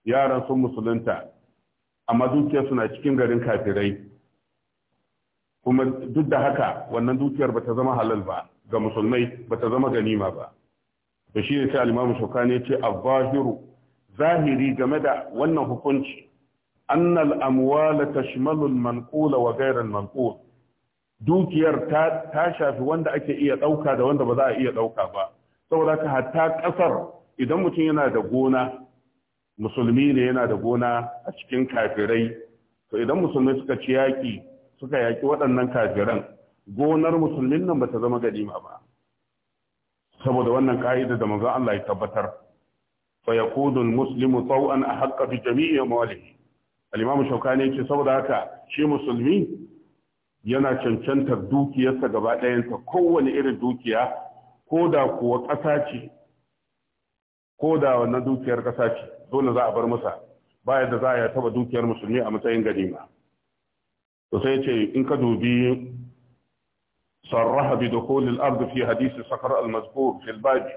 yaran sun musulunta amma dukiyar suna cikin garin kafirai kuma duk da haka wannan dukiyar bata zama halal ba ga musulmai bata zama ganima ba to shi ne sai al-Imam ya ce a zahiru zahiri game da wannan hukunci annal amwala tashmalul manqula wa ghayra manqul dukiyar ta ta shafi wanda ake iya dauka da wanda ba za a iya dauka ba saboda ka hatta kasar idan mutum yana da gona musulmi ne yana da gona a cikin kafirai to idan musulmi suka ci yaƙi suka yaƙi waɗannan kafiran gonar musulmin nan ba ta zama ganima ba saboda wannan ka'ida da manzon Allah ya tabbatar fa yaqudu almuslimu taw'an ahqqa bi jami'i amwalihi al-imam shaukani yace saboda haka shi musulmi yana cancantar dukiyarsa gaba ta kowane irin dukiya ko da kuwa ƙasa ce ko da wannan dukiyar ƙasa ce dole za a bar masa ba yadda za a taba dukiyar musulmi a matsayin ganima to sai ce in ka dubi sarraha bi ko al fi hadisi, sakar al-mazkur fi babi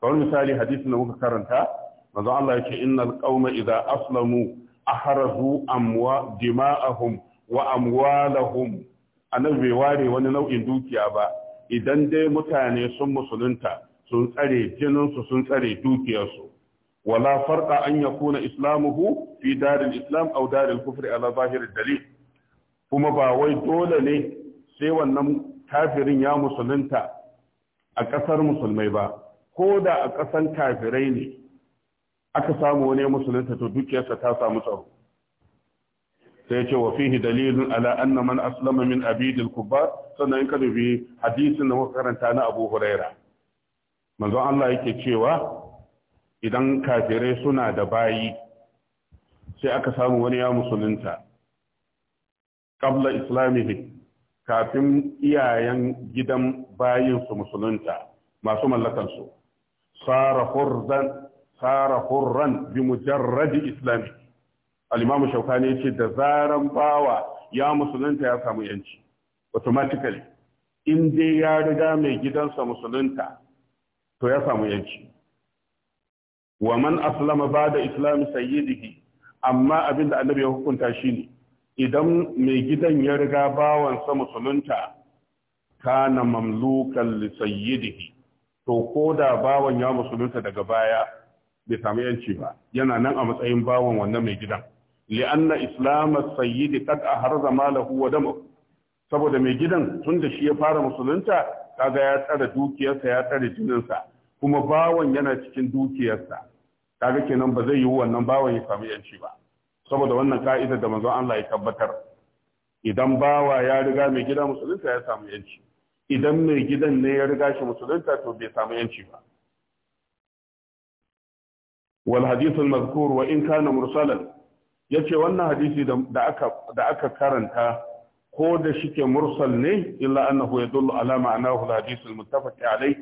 kawai misali hadisin da muka karanta manzo Allah yake innal qauma idza aslamu ahrazu amwa dima'ahum wa amwalahum annabi bai ware wani nau'in dukiya ba idan dai mutane sun musulunta sun tsare jininsu sun tsare dukiyarsu wala farqa an yakuna islamuhu fi daril islam aw daril kufri ala zahirid dalil kuma ba wai dole ne sai wannan kafirin ya musulunta a ƙasar musulmai ba ko da a ƙasan kafirai ne aka samu wani musulunta to dukiyarsa ta samu tsaro sai ce wa fihi dalilun ala anna man aslama min abidil kubbar sannan in ka dubi hadisin da muka karanta na Abu Huraira manzon Allah yake cewa idan kafirai suna da bayi sai aka samu wani ya musulunta ƙabla islamihi kafin iyayen gidan bayin su musulunta masu mallakan su sara hurran sara hurran bi mujarradi islami al shaukani yace da zaran bawa ya musulunta ya samu yanci automatically in dai ya riga mai gidansa musulunta to ya samu yanci wa man aslama bada islam sayyidihi amma abinda annabi ya hukunta ne. idan mai gidan ya riga bawansa musulunta kana mamlukan li sayyidihi to ko da bawan ya musulunta daga baya bai samu yanci ba yana nan a matsayin bawan wannan mai gidan li'anna islam sayyidi qad aharza malahu wa damu saboda mai gidan tunda shi ya fara musulunta kaga ya tsara dukiyarsa ya tsara jininsa kuma bawan yana cikin dukiyarsa kaga kenan ba zai yi wannan bawan ya samu yanci ba saboda wannan ka'idar da manzon Allah ya tabbatar idan bawa ya riga mai gida musulunta ya samu yanci idan mai gidan ne ya riga shi musulunta to bai samu yanci ba wal hadith al mazkur wa in kana mursalan yace wannan hadisi da aka da aka karanta ko da shike mursal ne illa annahu yadullu ala ma'anahu al-hadith al-muttafaq alayh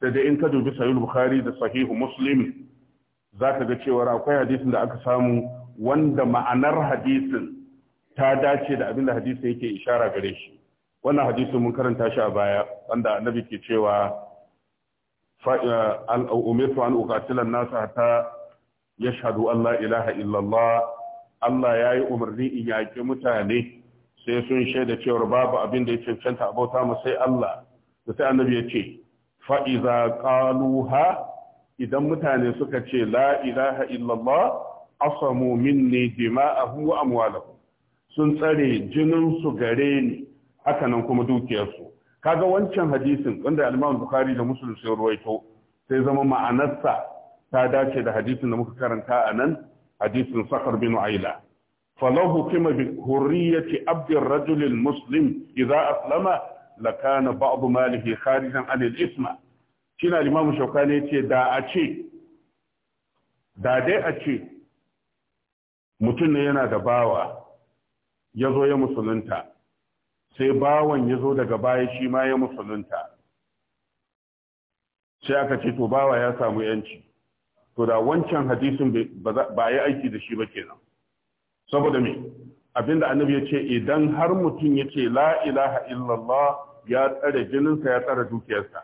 da da in ka dubi sahih bukhari da sahih muslim zaka ga cewa akwai hadisin da aka samu wanda ma'anar hadisin ta dace da abin da hadisi yake ishara gare shi wannan hadisin mun karanta shi a baya wanda annabi ke cewa umirtu an uqatila an-nas hatta yashhadu an la ilaha illallah Allah yayi umarni in yaki mutane sai sun shaida cewar babu abin da ya cancanta a bauta mu sai Allah da sai annabi ya ce fa'iza Kaluha, idan mutane suka ce la ilaha illallah asamu minni dima'ahu wa amwalahu sun tsare jininsu gare ni hakanan kuma dukiyarsu kaga wancan hadisin wanda al-Imam Bukhari da Muslim sun ruwaito sai zama ma'anarsa ta dace da hadisin da muka karanta a nan hadisin Sakar bin Aila falau hukima bi hurriyati abdir rajulil muslim idza aslama lakana ba'du malihi kharijan anil isma shine al-imam shaukani yace da a ce da dai a ce mutum ne yana da bawa ya zo ya musulunta sai bawan ya zo daga baya shi ma ya musulunta sai aka ce to bawa ya samu yanci to da wancan hadisin ba ya aiki da shi ba kenan saboda me abinda annabi ya ce idan har mutum ya ce la ilaha illallah ya tsare jininsa ya tsare dukiyarsa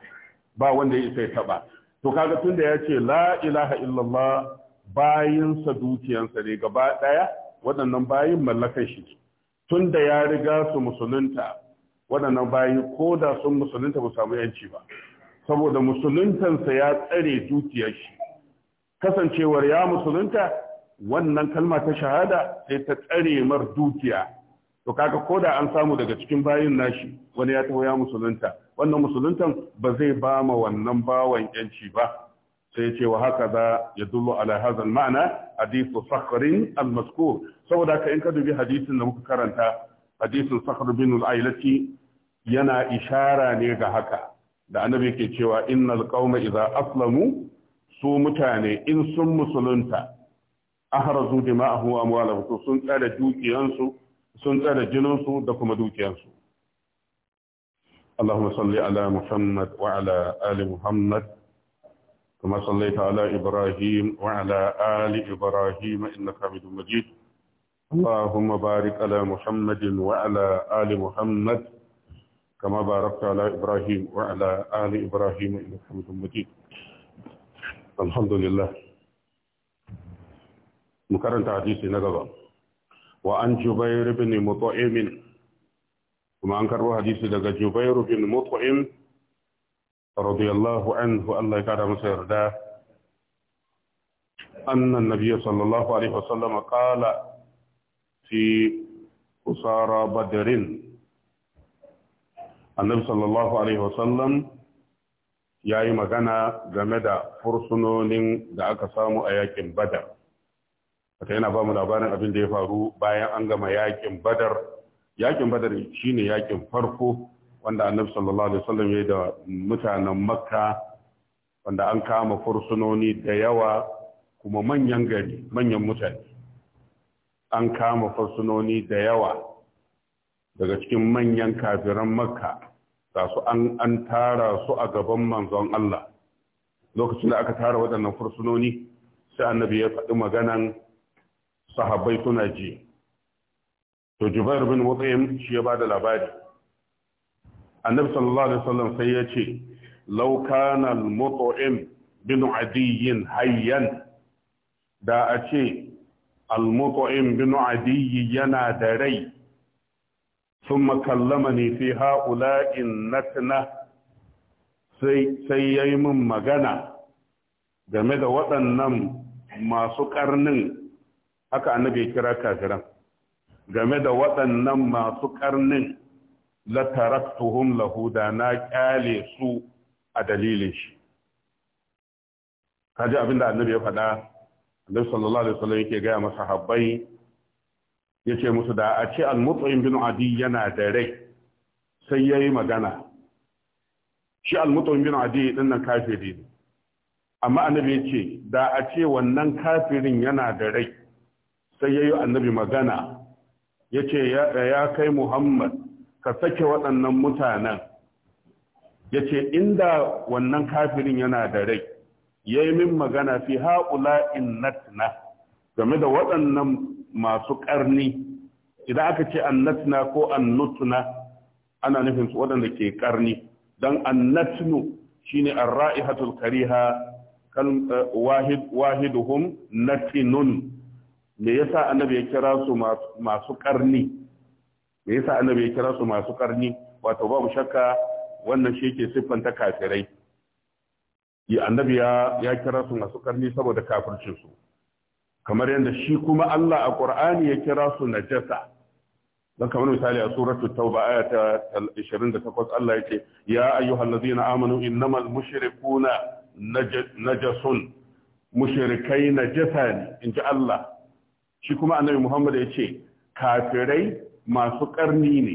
ba wanda ya sai taba to kaga tunda ya ce la ilaha illallah bayinsa dukiyarsa ne gaba daya waɗannan bayin mallakan shi tunda ya riga su musulunta waɗannan bayi ko da sun musulunta ba samu yanci ba saboda musuluntansa ya tsare dukiyar shi kasancewar ya musulunta wannan kalma ta shahada sai ta tsare mar dukiya to kaga ko da an samu daga cikin bayin nashi wani ya taho ya musulunta wannan musuluntan ba zai ba ma wannan bawan yanci ba sai ce wa haka za ya dullo ala hazan ma'ana hadithu sakharin al saboda ka in ka dubi hadisin da muka karanta hadisin sakhar bin al-ailati yana ishara ne ga haka da annabi yake cewa innal qauma idza aslamu su mutane in sun musulunta ahrazu dima'ahu wa amwalahu to sun tsara dukiyansu sun tsara jininsu da kuma dukiyansu اللهم صل على محمد وعلى آل محمد كما صليت على إبراهيم وعلى آل إبراهيم إنك حميد مجيد اللهم بارك على محمد وعلى آل محمد كما باركت على إبراهيم وعلى آل إبراهيم إنك حميد مجيد الحمد لله مكرنت حديثي نقضى وعن جبير بن مطعم كما أنكروا حديثي لقى جبير بن مطعم رضي الله عنه الله كرم سيرداه أن النبي صلى الله عليه وسلم قال في قصارى بدر النبي صلى الله عليه وسلم يا إما جنا جمدا فرسنون دعك سامو أياك بدر wata yana ba mu labarin abin da ya faru bayan an gama yakin badar yakin badar shine yakin farko wanda annabi sallallahu alaihi wasallam ya yi da mutanen makka wanda an kama fursunoni da yawa kuma manyan gari manyan mutane an kama fursunoni da yawa daga cikin manyan kafiran makka ga su an tara su a gaban manzon Allah lokacin da aka tara waɗannan fursunoni sai annabi ya faɗi maganan sahabbai suna ji to jubair bin mutsayin shi ya da labari annabi sallallahu alaihi wasallam sai ya ce law kana al-mut'im bin adiyyin hayyan da a ce al-mut'im bin adiyyi yana da rai ثم كلمني في هؤلاء النتنة sai ya yi min magana game da waɗannan masu ƙarnin haka annabi ya kira kafiran game da waɗannan masu ƙarnin la taraktuhum lahu da na kyale su a dalilin shi kaji abin da annabi ya faɗa annabi sallallahu alaihi wasallam yake gaya masa habbai yace musu da a ce al bin adi yana da rai sai yayi magana shi al bin adi din nan kafiri ne amma annabi yace da a ce wannan kafirin yana da rai sai ya yi annabi magana ya ce ya kai muhammad ka sake waɗannan mutanen ya ce inda wannan kafirin yana da rai ya yi min magana fi haƙula in innatna game da waɗannan masu ƙarni idan aka ce an annatna ko an annutna ana nufin su waɗanda ke ƙarni don an shi annatnu shine ra'ihatul kariha kan eh, wahiduhum natinun me yasa annabi ya kira su masu karni me yasa annabi ya kira su masu karni wato babu shakka wannan shi yake siffanta kafirai ya annabi ya kira su masu karni saboda kafircin su kamar yadda shi kuma Allah a Qur'ani ya kira su najasa dan kamar misali a suratul tauba aya ta 28 Allah yake ya ayyuhallazina amanu innamal mushrikuna najasun mushrikai najasa ne ji Allah shi kuma annabi Muhammad ya ce kafirai masu karni ne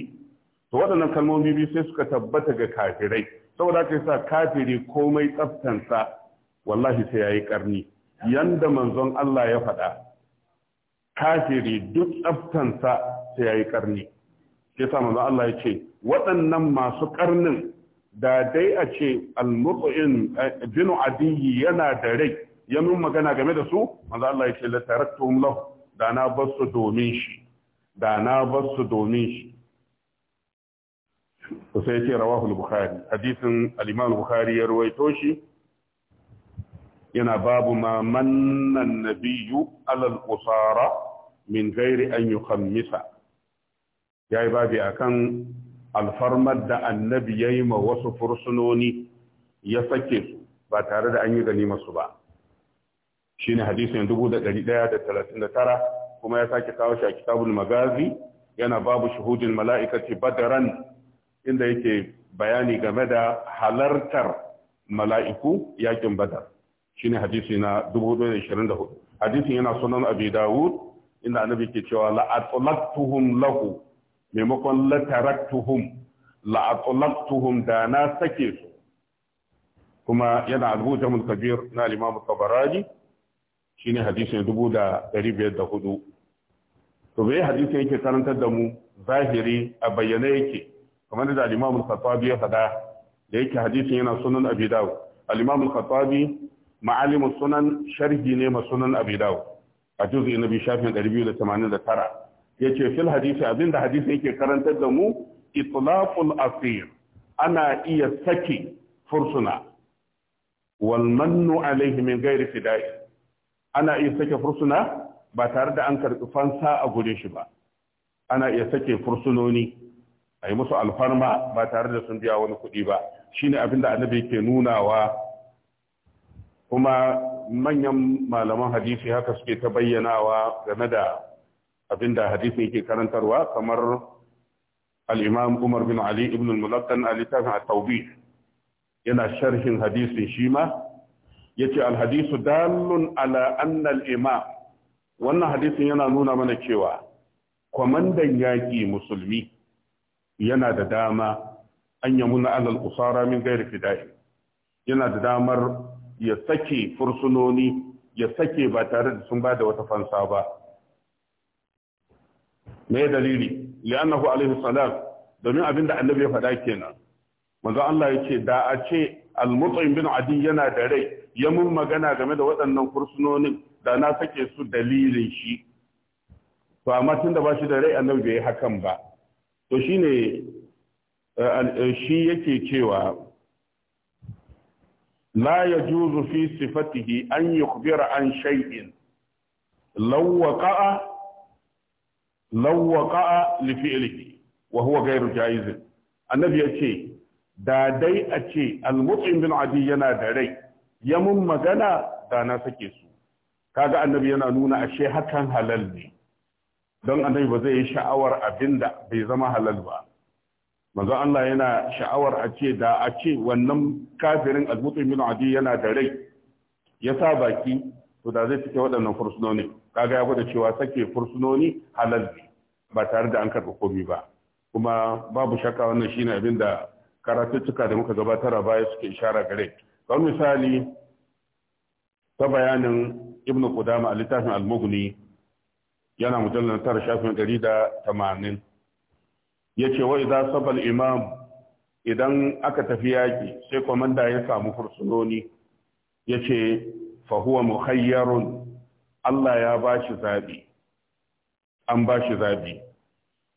to waɗannan kalmomi biyu sai suka tabbata ga kafirai saboda haka yasa kafiri komai tsaftansa wallahi sai yayi karni yanda manzon Allah ya faɗa kafiri duk tsaftansa sai yayi karni sai sa manzon Allah ya ce waɗannan masu karnin da dai a ce al-mut'in eh, binu adiyyi yana da rai ya magana game da su manzon Allah ya ce la taraktuhum lahu da na basu domin shi da na basu domin shi to sai ce rawahu bukhari hadisin al-imam bukhari ya ruwaito shi yana babu ma manna nabiyyu ala al-usara min ghairi an yukhammisa yayi babi akan alfarmar da annabi yayi ma wasu fursunoni ya sake su ba tare da an yi ganimar masu ba shine hadisin 1139 kuma ya sake kawo shi a kitabul magazi yana babu shuhudin mala'ikati badaran inda yake bayani game da halartar mala'iku yakin badar shine hadisi na 2024 hadisin yana sunan abi dawud inda annabi ke cewa la'atlaqtuhum lahu maimakon lataraktuhum la'atlaqtuhum da na sake su kuma yana al-mujamul kabir na al-imam tabarani shine hadisin dubu da ɗari biyar da hudu to bai hadisi yake karantar da mu zahiri a bayyane yake kamar da al-imam al-khattabi ya faɗa da yake hadisin yana sunan abi dawud al-imam al-khattabi ma'alim sunan sharhi ne ma sunan abi dawud a juz'i na biyu shafin 289 yace fil hadisi abinda hadisi yake karantar da mu itlaqul asir ana iya saki fursuna wal mannu alaihi min ghairi fida'i ana iya sake fursuna ba tare da an karɓi fansa a gure shi ba ana iya sake fursunoni a yi musu alfarma ba tare da sun biya wani kuɗi ba shine abin da annabi yake nunawa kuma manyan malaman hadisi haka suke ta bayyanawa game da abin da hadisi yake karantarwa kamar al'imam umar bin ali ibn al-mulakkan a littafin yana sharhin hadisin shi ma yace alhadisu dallun ala anna al-imam wannan hadisin yana nuna mana cewa kwamandan yaƙi musulmi yana da dama an yi muna alal usara min gairi fida'i yana da damar ya sake fursunoni ya sake ba tare da sun ba da wata fansa ba me dalili li'annahu alaihi salam domin abin da annabi ya faɗa kenan manzo Allah yace da a ce al-mut'im bin adi yana da rai ya mun magana game da waɗannan fursunonin da na sake su dalilin shi to amma tun da ba shi da rai annabi bai yi hakan ba to shine eh, eh, shi yake cewa la yajuzu fi sifatihi an yukhbira an shay'in law waqa'a law waqa'a li fi'lihi wa huwa ghayru jaiz annabi yace da dai a ce al-mut'im bin adi yana da rai ya mun magana da na sake su kaga annabi yana nuna ashe hakan halal ne don annabi ba zai yi sha'awar abin da bai zama halal ba manzo Allah yana sha'awar a ce da a ce wannan kafirin al-mutu min adi yana da rai ya sa baki to da zai cike waɗannan fursunoni kaga ya gwada cewa sake fursunoni halal ne ba tare da an karɓi komai ba kuma babu shakka wannan shine abin da karatuttuka da muka gabatar a baya suke ishara gare don misali ta bayanin ibn Qudama a littafin al-Mughni yana mujallar tara shafin da 180 yace wa idan sabal imam idan aka tafi yaki sai komanda ya samu fursunoni yace fa huwa mukhayyarun Allah ya bashi zabi an bashi zaɓi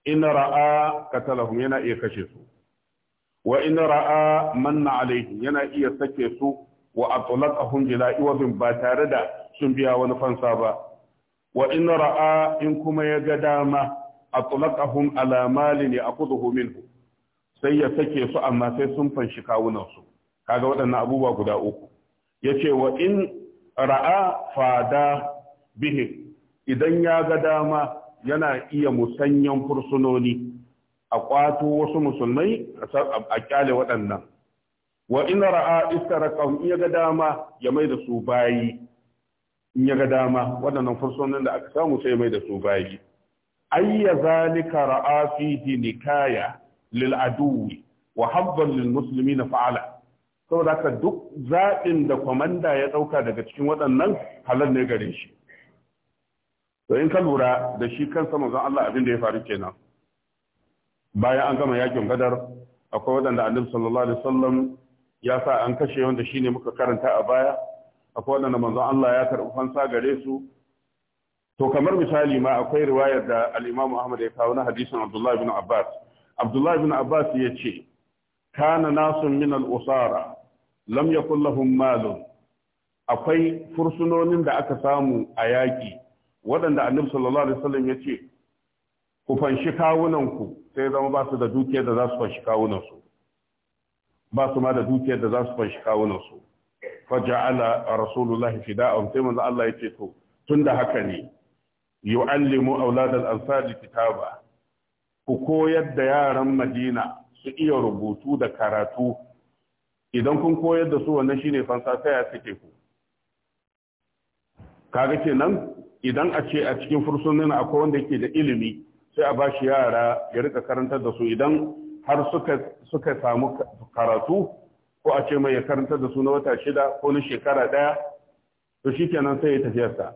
in ra'a katalahum yana iya kashe su wa in ra'a manna alaihi yana iya sake su wa atlaqahum bila iwazin ba tare da sun biya wani fansa ba wa in ra'a in kuma ya ga dama atlaqahum ala ne ya'khudhu minhu sai ya sake su amma sai sun fanshi kawunan su kaga waɗannan abubuwa guda uku yace wa in ra'a fada bihi idan ya ga dama yana iya musanyan fursunoni a kwato wasu musulmai a kyale waɗannan wa ina ra'a istaraqahum in yaga dama ya mai da su bayi in yaga dama waɗannan fursunan da aka samu sai mai da su bayi ayya zalika ra'a fihi nikaya lil aduwi wa habban lil na fa'ala saboda ka duk zaɓin da kwamanda ya ɗauka daga cikin waɗannan halar ne gare shi to in ka lura da shi kansa manzon Allah abin da ya faru kenan bayan an gama yakin gadar, akwai waɗanda annabi sallallahu alaihi wasallam ya sa an kashe wanda shine muka karanta a baya akwai waɗanda manzon Allah ya karɓi fansa gare su to kamar misali ma akwai riwayar da al-Imam Ahmad ya kawo na hadisin Abdullah ibn Abbas Abdullah ibn Abbas ya ce kana nasun min al-usara lam yakul lahum akwai fursunonin da aka samu a yaƙi waɗanda annabi sallallahu alaihi wasallam ya ce ku fanshi kawunanku sai zama ba su da dukiyar da za su fanshi kawunansu ba su ma da dukiyar da za su fanshi kawunansu faja'ala rasulullahi fida'an sai manzo Allah ya ce to tunda haka ne yu'allimu aulad al-ansar kitaba ku koyar da yaran Madina su iya rubutu da karatu idan kun koyar da su wannan shine fansa sai ya sake ku kaga kenan idan a ce a cikin fursunan akwai wanda yake da ilimi sai a bashi yara ya rika karantar da su idan har suka samu karatu ko a ce mai ya karantar da su na wata shida ko na shekara ɗaya to shi sai ya tafiyarsa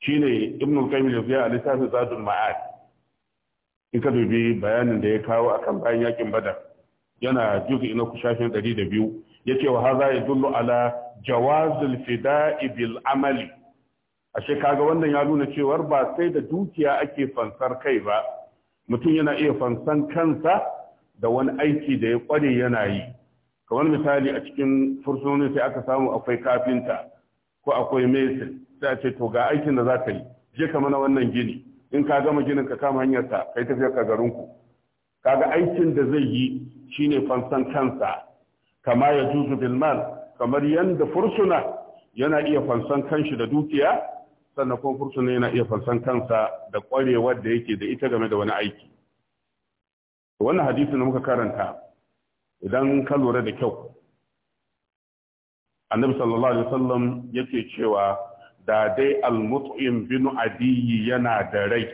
shi ne ibn al-qayyim al-jawziya a zadul ma'ad in ka dubi bayanin da ya kawo akan bayan yakin badar yana juzu na shafin 102 yace wa hadha yadullu ala jawazul fida'i bil amali ashe kaga wannan ya nuna cewar ba sai da dukiya ake fansar kai ba mutum yana iya fansan kansa da wani aiki da ya kware yana yi kamar misali a cikin fursunoni sai aka samu akwai kafinta ko akwai mesin sai a ce to ga aikin da za ka yi je ka mana wannan gini in ka gama ginin ka kama hanyarsa kai tafiya ka garin ku kaga aikin da zai yi shine fansan kansa kama ya juzu bilmal kamar yanda fursuna yana iya fansan kanshi da dukiya sannan kuma fursuna yana iya fansan kansa da ƙwarewar da yake da ita game da wani aiki wannan hadisi da muka karanta idan ka lura da kyau annabi sallallahu alaihi wasallam yake cewa da dai al-mut'im bin adiyi yana da rai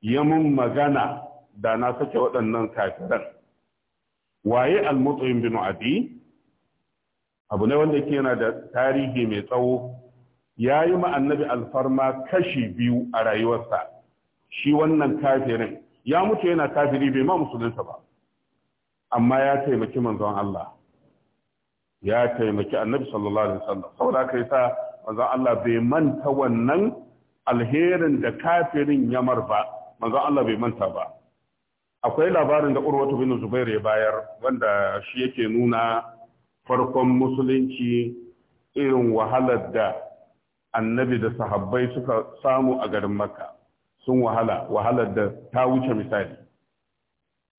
ya mun magana da na sake waɗannan kafiran waye al-mut'im bin adiyi abu ne wanda yake yana da tarihi mai tsawo ya yi ma annabi alfarma kashi biyu a rayuwarsa shi wannan kafirin ya mutu yana kafiri bai ma musulunta ba amma ya taimaki manzon Allah ya taimaki annabi sallallahu alaihi wasallam saboda kai sa manzon Allah bai manta wannan alherin da kafirin ya marba manzon Allah bai manta ba akwai labarin da Urwatu bin Zubair ya bayar wanda shi yake nuna farkon musulunci irin wahalar da annabi da sahabbai suka samu a garin makka sun wahala wahalar da ta wuce misali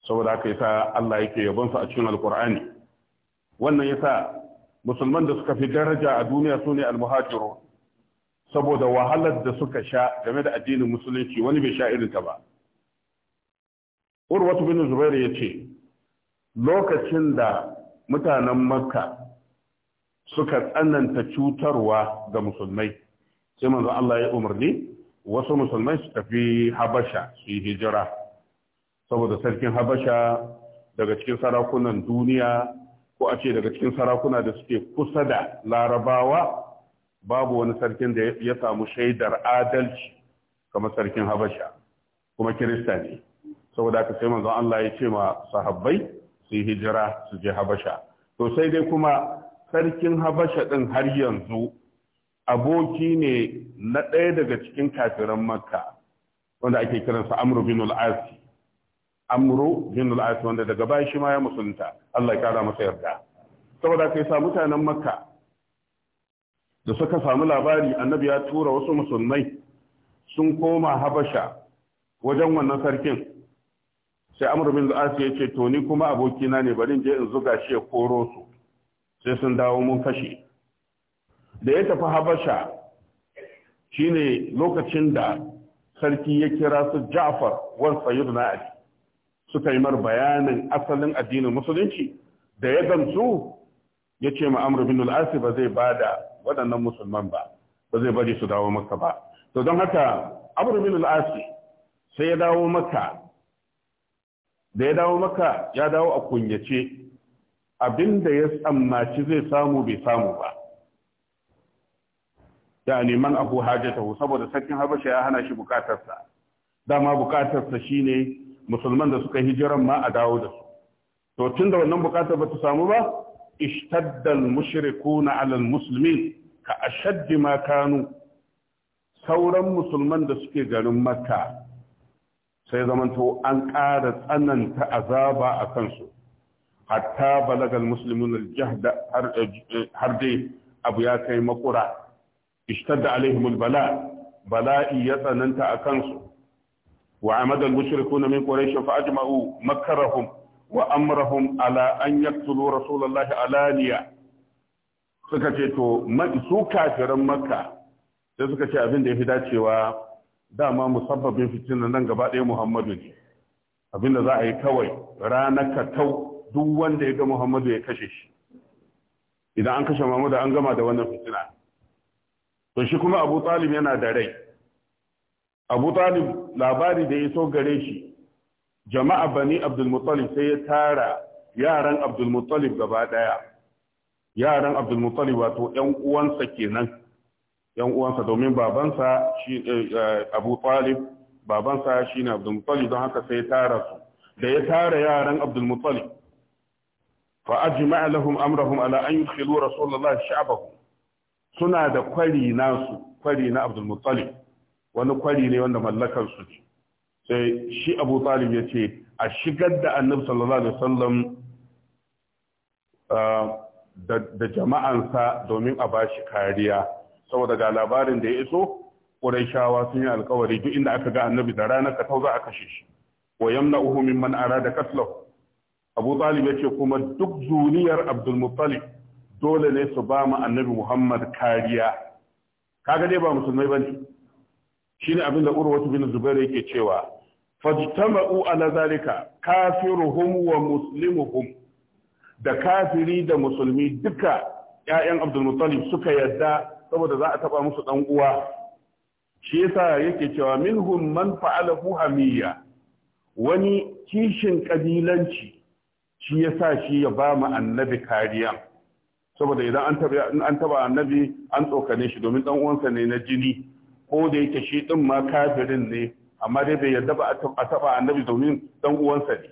saboda haka yasa Allah yake yabon su a cikin alqur'ani wannan yasa musulman da suka fi daraja a duniya sune almuhajiru saboda wahalar da suka sha game da addinin musulunci wani bai sha irin ta ba urwatu bin ya ce, lokacin da mutanen makka suka tsananta cutarwa ga musulmai sai manzo Allah ya umarni wasu musulmai su tafi Habasha su yi hijira saboda sarkin Habasha daga cikin sarakunan duniya ko a ce daga cikin sarakuna da suke kusa da larabawa babu wani sarkin da ya samu shaidar adalci kamar sarkin Habasha kuma Kirista ne saboda haka sai manzo Allah ya ce ma sahabbai su yi hijira su je Habasha to sai dai kuma sarkin habasha ɗin har yanzu aboki ne na ɗaya daga cikin kafiran makka wanda ake kiransa amru bin al-As. amru bin al al-As wanda daga bayan shi ma ya musulunta Allah ya kara masa yarda saboda kai sa mutanen makka da suka samu labari annabi ya tura wasu musulmai sun koma habasha wajen wannan sarkin sai amru bin al-As ya ce to ni kuma abokina ne bari in je in zuga shi ya koro su sai sun dawo mun kashe da ya tafi habasha shine lokacin da sarki ya kira su ja'far wan sayyid ali suka yi mar bayanin asalin addinin musulunci da ya gamsu ya ce ma amr bin al-asi ba zai bada waɗannan musulman ba ba zai bari su dawo maka ba to don haka amr bin al-asi sai ya dawo maka da ya dawo maka ya dawo a kunyace abin da ya tsammaci zai samu bai samu ba da neman abu hajjatahu saboda sarkin habasha ya hana shi bukatarsa dama bukatarsa shine musulman da suka hijiran ma a dawo da su to tun da wannan bukatar ba ta samu ba ishtaddal mushrikuna ala almuslimin ka ashaddi ma kanu sauran musulman da suke garin makka sai zamanto an ƙara tsananta azaba a kansu hatta balagal muslimun aljahda har dai abu ya kai makura ishtadda alaihimul bala bala'i ya tsananta a kansu wa amada almushrikuna min quraish fa ajma'u makarahum wa amrahum ala an yaqtulu rasulullahi alaniya suka ce to su kafiran makka sai suka ce abin da ya fi dacewa dama musabbabin fitina nan gaba ɗaya muhammadu ne abin da za a yi kawai rana ka tau duk wanda ya ga Muhammadu ya kashe shi idan an kashe Muhammadu an gama da wannan fitina to shi kuma Abu Talib yana da rai Abu Talib labari da ya so gare shi jama'a Bani Abdul Muttalib sai ya tara yaran Abdul Muttalib gaba daya yaran Abdul Muttalib wato ƴan uwansa kenan ƴan uwansa domin babansa shi eh, Abu Talib babansa shine Abdul Muttalib don haka sai ya tara su da ya tara yaran Abdul Muttalib فأجمع لهم أمرهم على أن يدخلوا رسول الله شعبهم suna da kwari nasu kwari na abdul muttalib wani kwari ne wanda mallakar su ce sai shi abu talib ya ce a shigar da annabi sallallahu alaihi wasallam ah, da jama'ansa domin a bashi kariya saboda ga labarin da ya iso qurayshawa sun yi alkawari duk inda aka ga annabi da ranar ka za a kashe shi wa yamna'uhu man'ara da qatlahu abu talib ya ce kuma duk zuriyar abdulmutalib dole ne su ba mu annabi muhammad kariya kaga dai ba musulmai ba ne shi ne abin da urwatu bin zubair yake cewa fajtama'u ala zalika kafiruhum wa muslimuhum da kafiri da musulmi duka ƴaƴan abdulmuttalib suka yadda saboda za a taba musu dan uwa shi yasa yake cewa minhum man fa'alahu hamiya. wani kishin kabilanci shi ya sa shi ya ba mu annabi kariya saboda idan an taba annabi an tsokane shi domin dan uwansa ne na jini ko da yake shi din ma kafirin ne amma dai bai yarda ba a taba annabi domin dan uwansa ne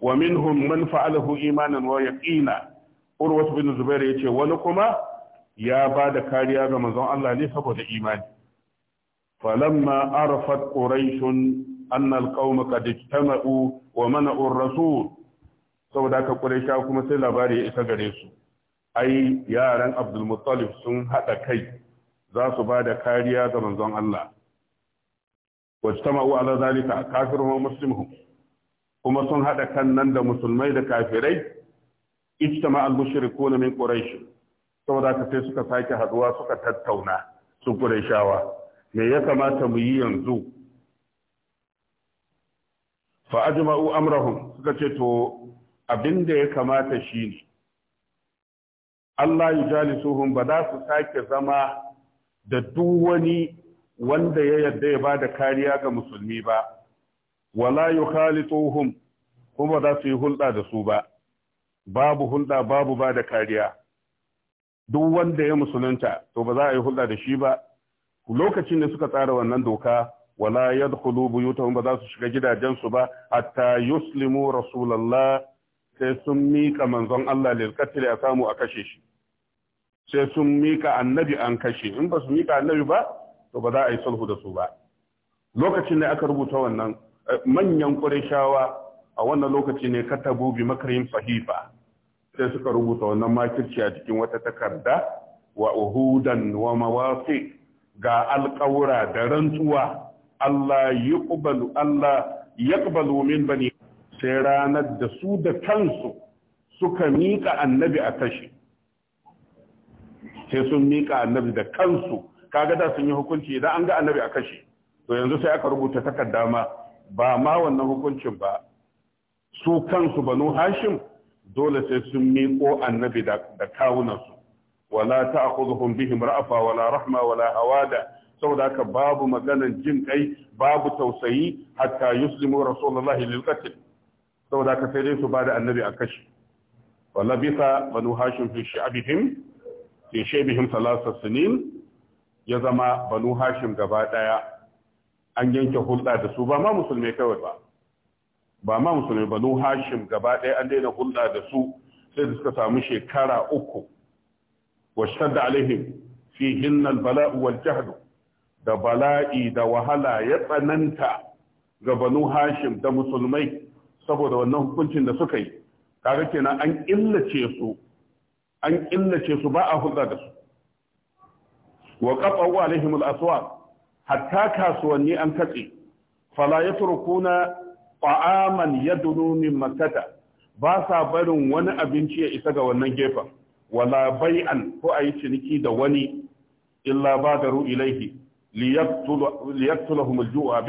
wa minhum man fa'alahu imanan wa yaqina urwa bin zubair yace wani kuma ya ba da kariya ga manzon Allah ne saboda imani falamma arafat quraish anna alqawma qad ijtama'u wa mana'u ar-rasul saboda haka quraisha kuma sai labari ya isa gare su ai yaran abdul muttalib sun hada kai za su ba da kariya ga manzon Allah wajtama'u ala zalika kafirun wa muslimun kuma sun haɗa kan nan da musulmai da kafirai ijtama al-mushrikuna min quraish saboda haka sai suka sake haduwa suka tattauna su qurayshawa me ya kamata mu yi yanzu fa ajma'u amrahum suka ce to abin da ya kamata shi ne Allah ya jalisuhun ba za su sake zama da duk wani wanda ya yarda ya bada kariya ga musulmi ba wala yi khalituhum kuma za su yi hulɗa da su ba babu hulɗa babu ba kariya duk wanda ya musulunta to ba za a yi hulɗa da shi ba lokacin da suka tsara wannan doka wala yadkhulu buyutahum ba za su shiga gidajensu ba hatta yuslimu rasulullah sai sun mika manzon Allah lil a samu a kashe shi sai sun mika annabi an kashe in ba su mika annabi ba to ba za a yi sulhu da su ba lokacin da aka rubuta wannan eh, manyan qurayshawa a wannan lokaci ne katabu bi makrim sahifa sai suka rubuta wannan makirci a cikin wata takarda wa uhudan wa mawasi ga alƙawura da rantsuwa Allah yuqbalu Allah yaqbalu min bani sai ranar da su da kansu suka mika annabi a kashi sai sun miƙa annabi da kansu kaga da sun yi hukunci idan an ga annabi a kashi to yanzu sai aka rubuta takarda ma ba ma wannan hukuncin ba su kansu banu hashim dole sai sun miƙo annabi da kawunansu wala ta'khudhuhum bihim ra'afa wala rahma wala hawada saboda haka babu maganan jin kai babu tausayi hatta yuslimu rasulullahi lil qatl saboda ka sai dai su ba da annabi a kashi wala bisa banu hashim fi sha'bihim fi shaybihim sinin ya zama banu hashim gaba daya an yanke hulɗa da su ba ma musulmai kawai ba ba ma musulmai banu hashim gaba daya an daina hulɗa da su sai da suka samu shekara uku wa shadda alaihim fi hinna albala'u wal jahdu da bala'i da wahala ya tsananta ga banu hashim da musulmai saboda wannan hukuncin da suka yi kaga kenan an illace su an illace su ba a hulɗa da su wa qata'u alaihim al-aswaq hatta kasuwanni an katse fala yatrukuna ta'aman yadunu min makkata ba sa barin wani abinci ya isa ga wannan gefen wala bai'an ko ayi ciniki da wani illa badaru ilaihi liyaktulahum al-ju'a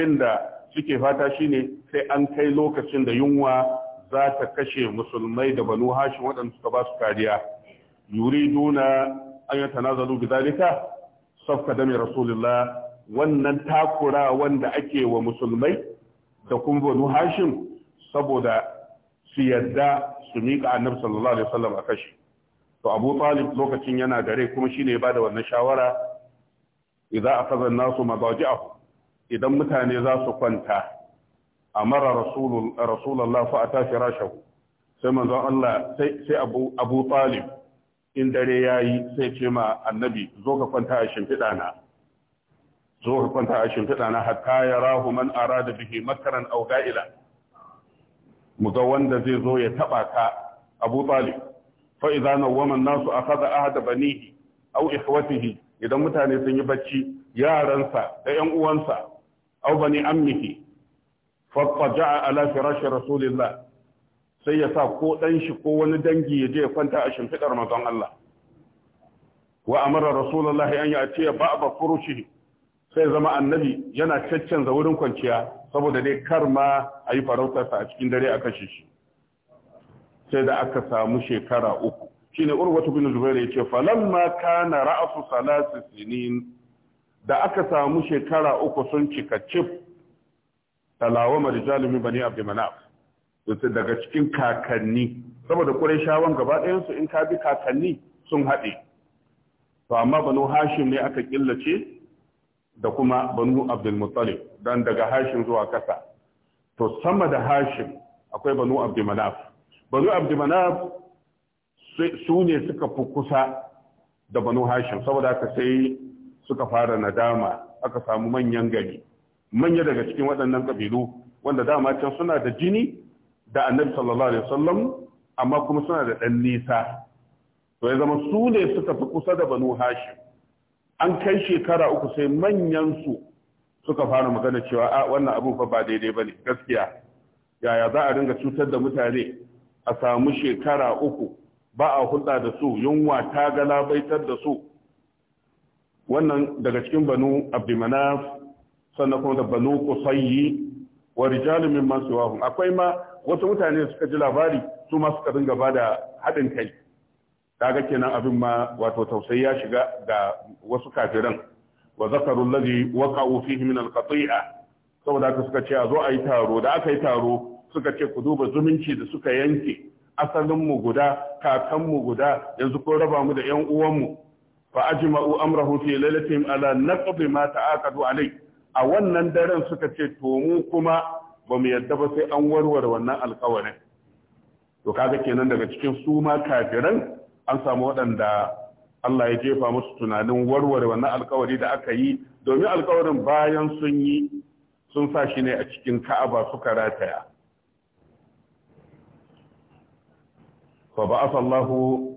suke fata shine sai an kai lokacin da yunwa za ta kashe musulmai da banu Hashi waɗanda suka ba su kariya yuriduna an yi tanazalu bi zalika safka dami rasulullah wannan takura wanda ake wa musulmai da kuma banu hashim saboda su yadda su miƙa annabi sallallahu alaihi wasallam a kashe. to abu talib lokacin yana gare kuma shine ya bada wannan shawara idza akhadha an-nasu madaji'ahum idan mutane za su kwanta amara rasulullah fa ata firashahu sai manzon Allah sai Abu Talib in dare ya yi sai ce ma annabi zo ka kwanta a shimfiɗa na zo ka kwanta a shimfiɗa na hatta ya rahu man da bihi makaran au ga'ila mu ga wanda zai zo ya taɓa ka Abu Talib fa idza nawwama an-nasu akhadha ahada banihi aw ikhwatihi idan mutane sun yi bacci yaransa da ƴan uwansa aw bani ammihi fattaja'a ala firashi rasulillah sai ya sa ko danshi shi ko wani dangi ya je ya kwanta a shimfidar manzon Allah wa amara rasulullah an ya ce ba'ba furushi sai zama annabi yana caccanza wurin kwanciya saboda dai kar ma a yi farautarsa a cikin dare a kashe shi sai da aka samu shekara uku ne urwatu bin zubairu ya ce falamma kana ra'asu salasi sinin da aka samu shekara uku sun cika cif talawa marijalumi bani abdi manaf daga cikin kakanni saboda shawon gaba ɗayansu in ka kakanni sun haɗe to amma banu hashim ne aka killace da kuma banu abdulmuttalib dan daga hashim zuwa ƙasa to sama da hashim akwai banu abdulmanaf banu abdulmanaf su ne suka fi kusa da banu hashim saboda haka sai suka fara nadama aka samu manyan gari manya daga cikin waɗannan ƙabilu wanda dama can suna da jini da annabi sallallahu alaihi wasallam amma kuma suna da ɗan nisa to ya zama su ne suka fi kusa da banu hashim an kai shekara uku sai manyan su suka fara magana cewa a wannan abun fa ba daidai bane gaskiya yaya za a ringa cutar da mutane a samu shekara uku ba a hulɗa da su yunwa ta galabaitar da su wannan daga cikin banu abdimanaf sannan kuma da banu kusayi wa rijalun min masu akwai ma wasu mutane suka ji labari su ma suka dinga ba da haɗin kai kaga kenan abin ma wato tausayi ya shiga ga wasu kafiran wa zakaru allazi waqa'u fihi min al saboda haka suka ce a zo a yi taro da aka yi taro suka ce ku duba zumunci da suka yanke asalinmu guda kakanmu guda yanzu ko raba mu da yan uwanmu fa ajma'u amrahu fi lailatihim ala naqd ma ta'aqadu alai a wannan daren suka ce to mu kuma ba mu yadda ba sai an warware wannan alƙawarin to kaga kenan daga cikin su ma kafiran an samu waɗanda Allah ya jefa musu tunanin warware wannan alkawari da aka yi domin alƙawarin bayan sun yi sun sa shi ne a cikin ka'aba suka rataya fa ba'atha Allahu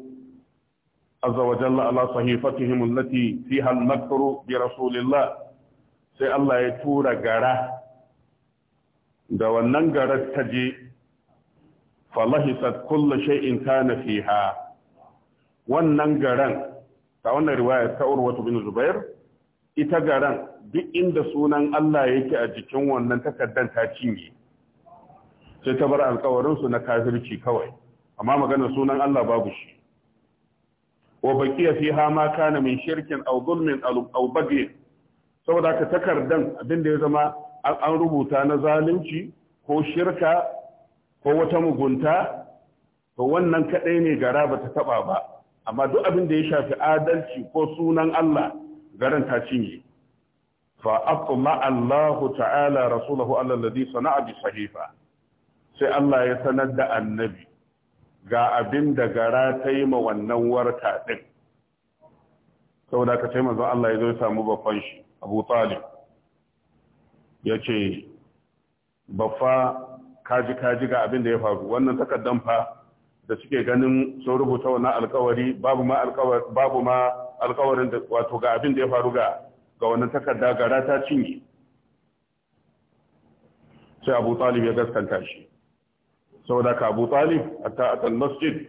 azza wa jalla ala sahifatihim allati fiha al bi rasulillah sai Allah ya tura gara da wannan garar ta je falahisat kullu shay'in kana fiha wannan garan ta wannan riwaya ta Urwatu bin Zubair ita garan duk inda sunan Allah yake a jikin wannan takaddan ta cinye sai ta bar alkawarinsu na kafirci kawai amma maganar sunan Allah babu shi wa baqiya fiha ma kana min shirkin aw zulmin aw saboda ka takardan abin da ya zama an rubuta na zalunci ko shirka ko wata mugunta to wannan kadai ne gara ba ta taba ba amma duk abin da ya shafi adalci ko sunan Allah garan ta cinye fa aqma Allahu ta'ala rasulahu alladhi sana'a bi sahifa sai Allah ya sanar da annabi ga abin da gara ta yi ma wannan warta ɗin saboda ka ce mazan Allah ya zo ya samu babban shi Abu Talib ya ce baffa kaji kaji ga abin da ya faru wannan takaddan fa da suke ganin sun rubuta wannan alkawari babu ma alkawar babu ma alkawarin da wato ga abin da ya faru ga ga wannan takarda gara ta cinye sai Abu Talib ya gaskanta shi saboda ka abu talib hatta atal masjid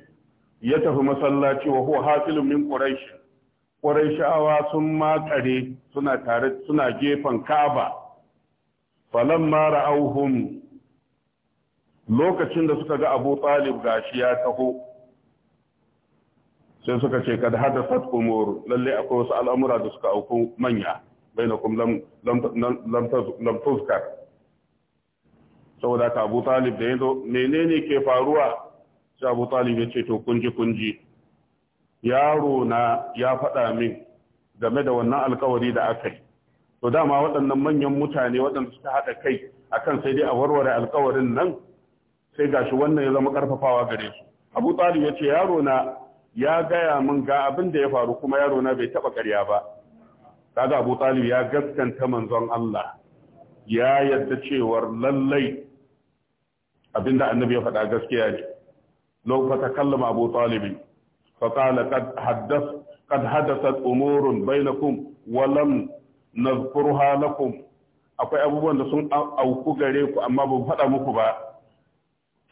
ya tafi masallaci wa huwa hasilun min quraish quraishawa sun makare suna tare suna gefen kaaba falamma ra'awhum lokacin da suka ga abu talib gashi ya taho sai suka ce kad hadasat umur lalle akwai wasu al'amura da suka auku manya bainakum lam lam lam tuzkar saboda ka abu talib da yanzu menene ke faruwa sai abu talib ya ce to kunji kunji yaro na ya faɗa min game da wannan alkawari da aka yi to dama waɗannan manyan mutane waɗanda suka haɗa kai akan sai dai a warware alkawarin nan sai gashi wannan ya zama karfafawa gare su abu talib ya ce yaro na ya gaya min ga abin da ya faru kuma yaro na bai taɓa ƙarya ba kaga abu talib ya gaskanta manzon Allah ya yadda cewar lallai abinda annabi ya faɗa gaskiya ne لو فتكلم أبو طالب فقال قد حدث قد حدثت أمور بينكم ولم نذكرها لكم akwai abubuwan da sun auku gare ku amma ba faɗa muku ba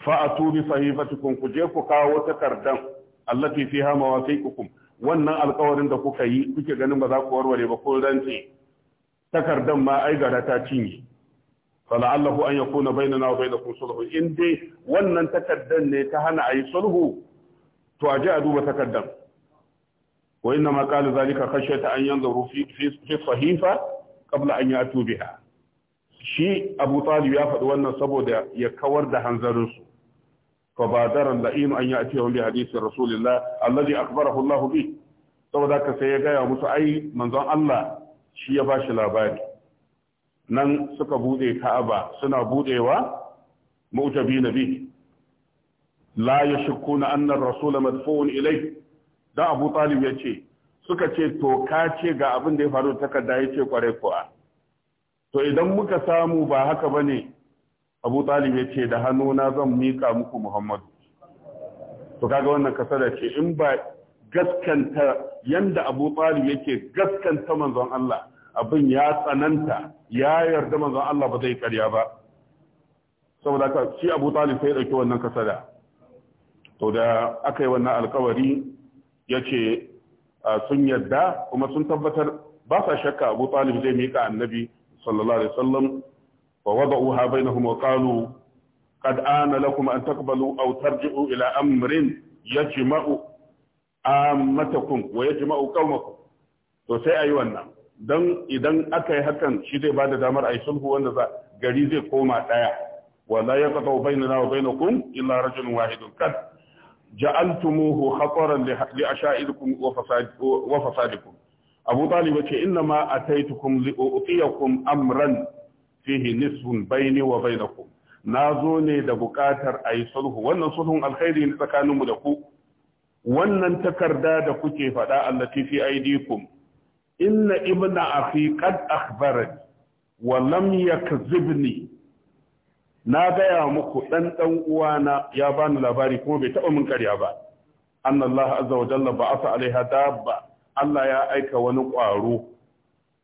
fa'atu bi sahifatikum ku je ku kawo takardan allati fiha mawaqiqukum wannan alƙawarin da kuka yi kuke ganin ba za ku warware ba ko rance takardan ma ai gara ta cinye fala'allahu an yakuna bainana nawa bai sulhu in dai wannan takaddan ne ta hana ayi sulhu to a ji a duba takaddan wa inna ma qala zalika khashyata an yanzuru fi fi sahifa qabla an ya'tu biha shi Abu Talib ya faɗi wannan saboda ya kawar da hanzarin su fa badara la'im an ya'tihum bi hadisi rasulillah alladhi akhbarahu Allah bi saboda ka sai ya gaya musu ai manzon Allah shi ya bashi labari nan suka bude ka'aba suna budewa mu'tabi nabi la yashkuna anna ar-rasul madfun ilayh da Abu Talib yace suka ce to ka ce ga abin da ya faru takarda yace kware kuwa to idan muka samu ba haka bane Abu Talib yace da hannuna zan mika muku Muhammadu. to kaga wannan kasada ce in ba gaskanta yanda Abu Talib yake gaskanta manzon Allah abin ya tsananta ya yarda manzon Allah ba zai karya ba saboda ka shi Abu Talib sai dauki wannan kasada to da aka yi wannan alkawari yace sun yarda kuma sun tabbatar ba sa shakka Abu Talib zai mika annabi sallallahu alaihi wasallam wa wada'uha bainahum wa qalu ana lakum an taqbalu aw tarji'u ila amrin yajma'u ammatakum wa yajma'u qaumakum to sai ayi wannan don idan aka yi hakan shi zai ba da damar a yi sulhu wanda za gari zai koma ɗaya wala ya kafa wa bainana wa bainakum illa rajulun wahidun kad ja'altumuhu khataran li asha'idikum wa fasadikum abu talib ce, inna ma ataitukum li u'tiyakum amran fihi nisfun baini wa bainakum nazo ne da buƙatar a yi sulhu wannan sulhun alkhairi ne tsakaninmu da ku wannan takarda da kuke faɗa allati fi aidikum inna ibna afi qad akhbarani wa lam yakzibni na gaya muku dan dan uwana ya bani labari kuma bai taba min karya ba anna Allah azza wa jalla ba'atha alaiha dabba Allah ya aika wani ƙwaro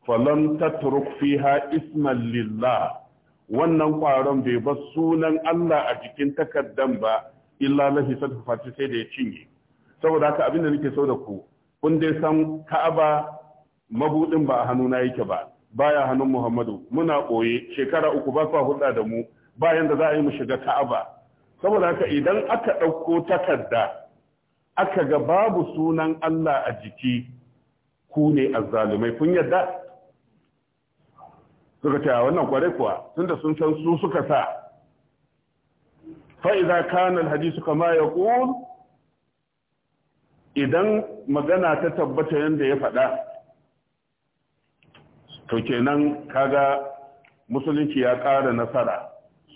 falam tatruk fiha isman lillah wannan ƙwaron bai bar sunan Allah a jikin takardan ba illa lahi sadfati sai da ya cinye saboda haka abinda nake so da ku kun dai san Ka'aba mabudin ba a hannuna yake ba baya hannun Muhammadu muna koye shekara uku ba kwa hulɗa da mu bayan da za a yi mu shiga Ka'aba saboda haka idan aka ɗauko takarda aka ga babu sunan Allah a jiki ku ne azzalumai kun yadda suka ce wannan kware kuwa tunda sun san su suka sa fa idza kana alhadith kama yaqul idan magana ta tabbata yanda ya faɗa to kenan kaga musulunci ya ƙara nasara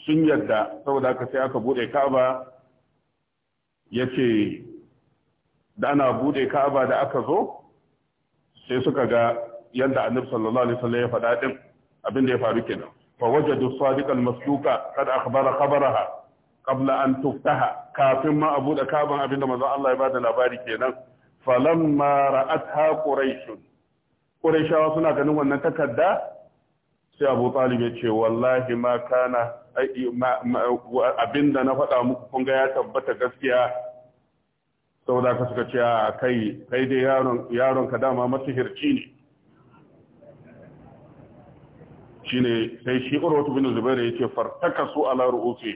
sun yadda saboda aka sai aka bude ka'aba ya da ana bude ka'aba da aka zo sai suka ga yadda annabi sallallahu alaihi wasallam ya faɗa din abin da ya faru kenan fa wajadu sadiq al-masduqa kad akhbara khabaraha qabla an tuftaha kafin ma a bude ka'aban abin da Allah ya bada labari kenan falamma ra'atha quraish shawa suna ganin wannan takarda sai abu talib ya ce wallahi ma kana abinda na faɗa muku kun ga ya tabbata gaskiya saboda ka suka ce a kai kai dai yaron yaron ka dama masihirci ne shine sai shi urwatu bin zubair ya ce fartaka su ala ru'usi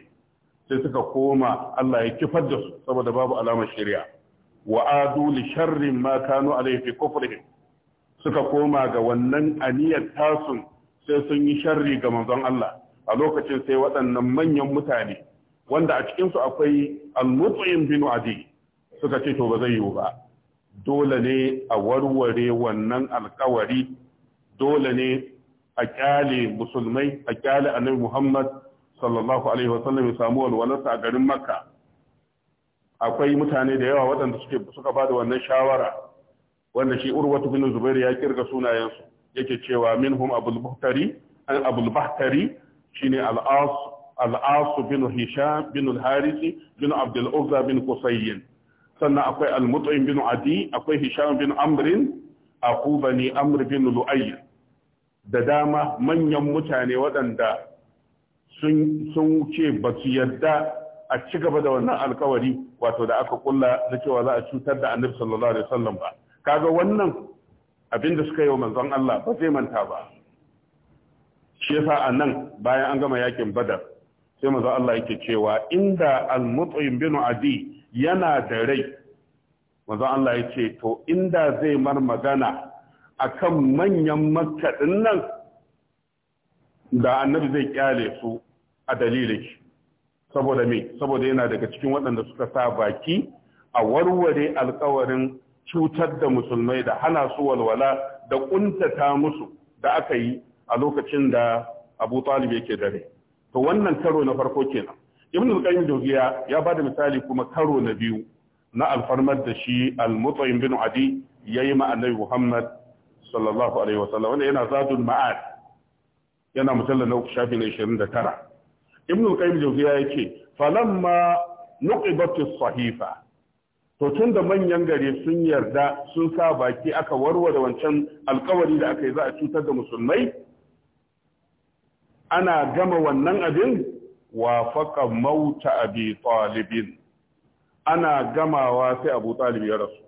sai suka koma Allah ya kifar da su saboda babu alamar shirya wa'adu lisharrin li sharrin ma kanu alayhi fi kufrihim suka koma ga wannan aniyar tasun sai sun yi sharri ga manzon Allah a lokacin sai waɗannan manyan mutane wanda a cikinsu akwai al-mut'im bin adi suka ce to ba zai yiwu ba dole ne a warware wannan alkawari dole ne a kyale musulmai a kyale annabi Muhammad sallallahu alaihi wasallam ya samu walwalarsa a garin Makka akwai mutane da yawa waɗanda suka suka bada wannan shawara wanda shi urwatu bin zubair ya kirga sunayensu yake cewa minhum abul buhtari an abul shine al-as al-as bin hisham bin al-harisi bin abd al-uzza bin sannan akwai al-mut'im bin adi akwai hisham bin amr aqubani amr bin lu'ay da dama manyan mutane waɗanda sun sun ce ba su yarda a ci gaba da wannan alkawari wato da aka kulla na cewa za a cutar da annabi sallallahu alaihi wasallam ba kaga wannan abin da suka yi wa manzon Allah ba zai manta ba shi yasa a nan bayan an gama yakin badar sai manzon Allah yake cewa inda al-mut'im bin adi yana da rai manzon Allah ya to inda zai mar magana akan manyan makka nan da annabi zai kyale su a dalilin shi saboda me saboda yana daga cikin waɗanda suka sa baki a warware alƙawarin. cutar da musulmai da hana su walwala da kuntata musu da aka yi a lokacin da Abu Talib yake dare to wannan karo na farko kenan Ibn al-Qayyim Jawziya ya da misali kuma karo na biyu na alfarmar da shi al-Mutaim bin Adi yayi ma Annabi Muhammad sallallahu alaihi wasallam wanda yana zadul ma'ad yana mujallal na shafi na 29 Ibn qayyim Jawziya yake falamma nuqibat as-sahifa to tun da manyan gari sun yarda sun sa baki aka warware wancan alkawari da aka yi za a cutar da musulmai ana gama wannan abin wafaka mauta abi talibin ana gamawa sai abu talib ya rasu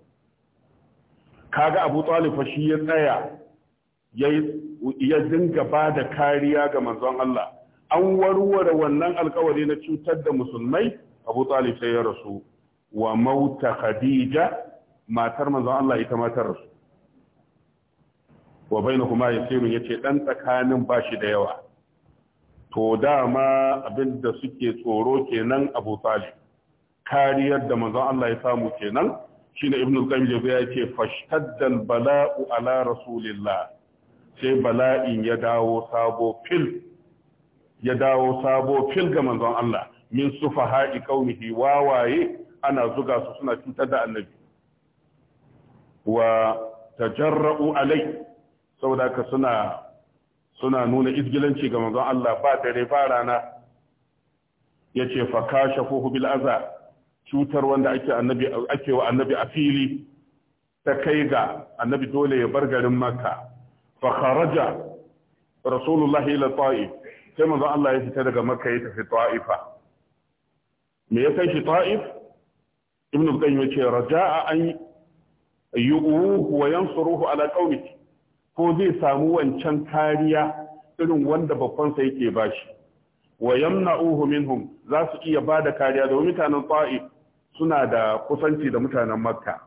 kaga abu talib fa shi ya tsaya ya dinga ba da kariya ga manzon Allah an warware wannan alkawari na cutar da musulmai abu talib sai ya rasu wa mauta khadija matar manzon Allah ita matar su. wa bainahuma yasirun yace dan tsakanin bashi da yawa to dama abinda suke tsoro kenan Abu Talib kariyar da manzon Allah ya samu kenan shine Ibn al-Qayyim da ya ce bala'u ala rasulillah sai bala'in ya dawo sabo fil ya dawo sabo fil ga manzon Allah min sufaha'i qaumihi wawaye ana zuga su suna cutar da annabi wa tajarra'u alai saboda ka suna suna nuna izgilanci ga manzon Allah ba dare ba rana yace fa kashafuhu bil aza cutar wanda ake annabi ake wa annabi a fili ta kai ga annabi dole ya bar garin makka fa kharaja rasulullahi ila ta'if sai manzon Allah ya fita daga makka ya tafi ta'ifa me ya kai shi ta'if ibn al-qayyim yace raja'a an yu'uhu wa yansuruhu ala qaumihi ko zai samu wancan kariya irin wanda babban sa yake bashi wa yamna'uhu minhum za su iya bada kariya da mutanen ta'if suna da kusanci da mutanen makka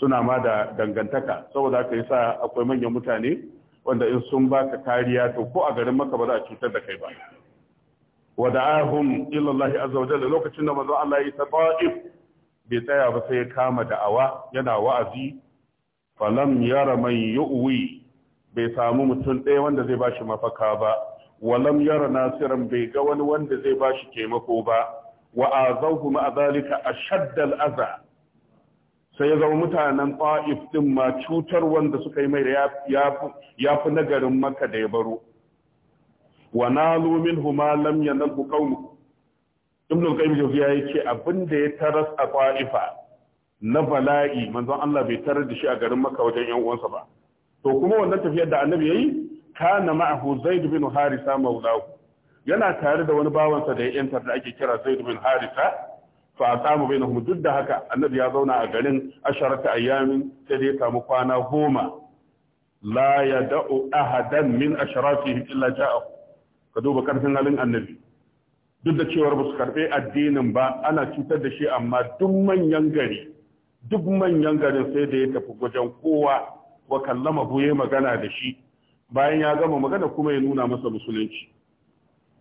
suna ma da dangantaka saboda haka sa akwai manyan mutane wanda in sun baka kariya to ko a garin Makka ba za a cutar da kai ba wada'ahum ila illallahi azza wa lokacin da manzo Allah ya ta'if bai tsaya ba sai ya kama da'awa yana wa'azi falam yara mai yu'wi bai samu mutum ɗaya wanda zai bashi mafaka ba walam yara nasiran bai ga wani wanda zai bashi taimako ba wa azahu ma zalika ashadd al aza. sai ya zama mutanen ta'if din ma cutar wanda suka yi mai ya fi nagarin maka da ya baro wa nalu minhu ma lam yanalhu qaumu ibn al-qayyim jawziya yake abin da ya taras a qa'ifa na bala'i manzon Allah bai tarar da shi a garin Makka wajen yan uwansa ba to kuma wannan tafiyar da annabi yayi kana ma'ahu zaid bin harisa maulahu yana tare da wani bawansa da ya yantar da ake kira zaid bin harisa fa asamu bainahum duk da haka annabi ya zauna a garin asharata ayyamin sai dai samu kwana goma la yada'u ahadan min ashrafihi illa ja'a ka duba karfin halin annabi duk da cewar ba su karɓe addinin ba ana cutar da shi amma duk manyan gari duk manyan garin sai da ya tafi wajen kowa wa kallama buye magana da shi bayan ya gama magana kuma ya nuna masa musulunci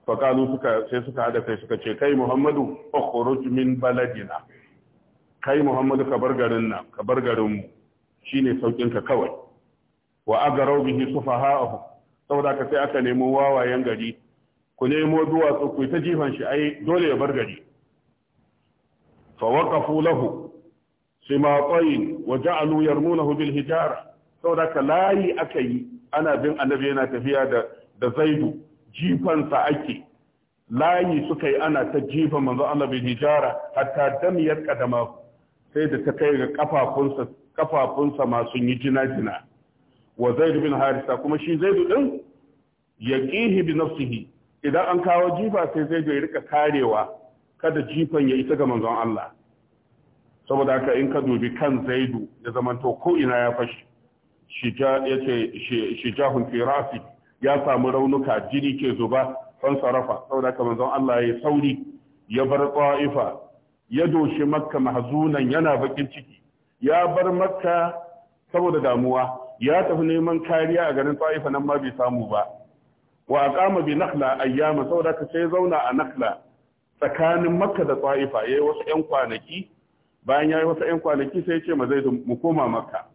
fakalu suka sai suka hada kai suka ce kai muhammadu ukhruj min baladina kai muhammadu ka bar garin nan ka bar garin mu shine saukin ka kawai wa agarau bihi sau saboda ka sai aka nemo wawayen gari ku nemo duwatsu ku ta jifan shi ai dole ya bar gari fa waqafu lahu simatayn wa ja'alu yarmunahu bil hijara saboda ka layi aka yi ana bin annabi yana tafiya da da zaidu jifansa ake layi suka yi ana ta jifan manzo Allah bil hijara hatta damiyar kadama sai da ta kai ga kafafunsa kafafunsa ma yi jina-jina wa Zaidu bin harisa kuma shi zaidu din yaqihi bi nafsihi idan an kawo jifa sai zai ya rika karewa kada jifan ya ita ga manzon Allah saboda haka in ka dubi kan zaidu ya zamanto ko ina ya fashi shijahun firasi ya samu raunuka jini ke zuba fan sarrafa saboda haka manzon Allah ya sauri ya bar ta'ifa ya doshi makka mahzunan yana bakin ciki ya bar makka saboda damuwa ya tafi neman kariya a garin ta'ifa nan ma bai samu ba wa aqama bi nakhla ayyama saboda ka sai zauna a nakhla tsakanin makka da tsaifa yayi wasu yan kwanaki bayan yayi wasu yan kwanaki sai ya ce ma zaid mu koma makka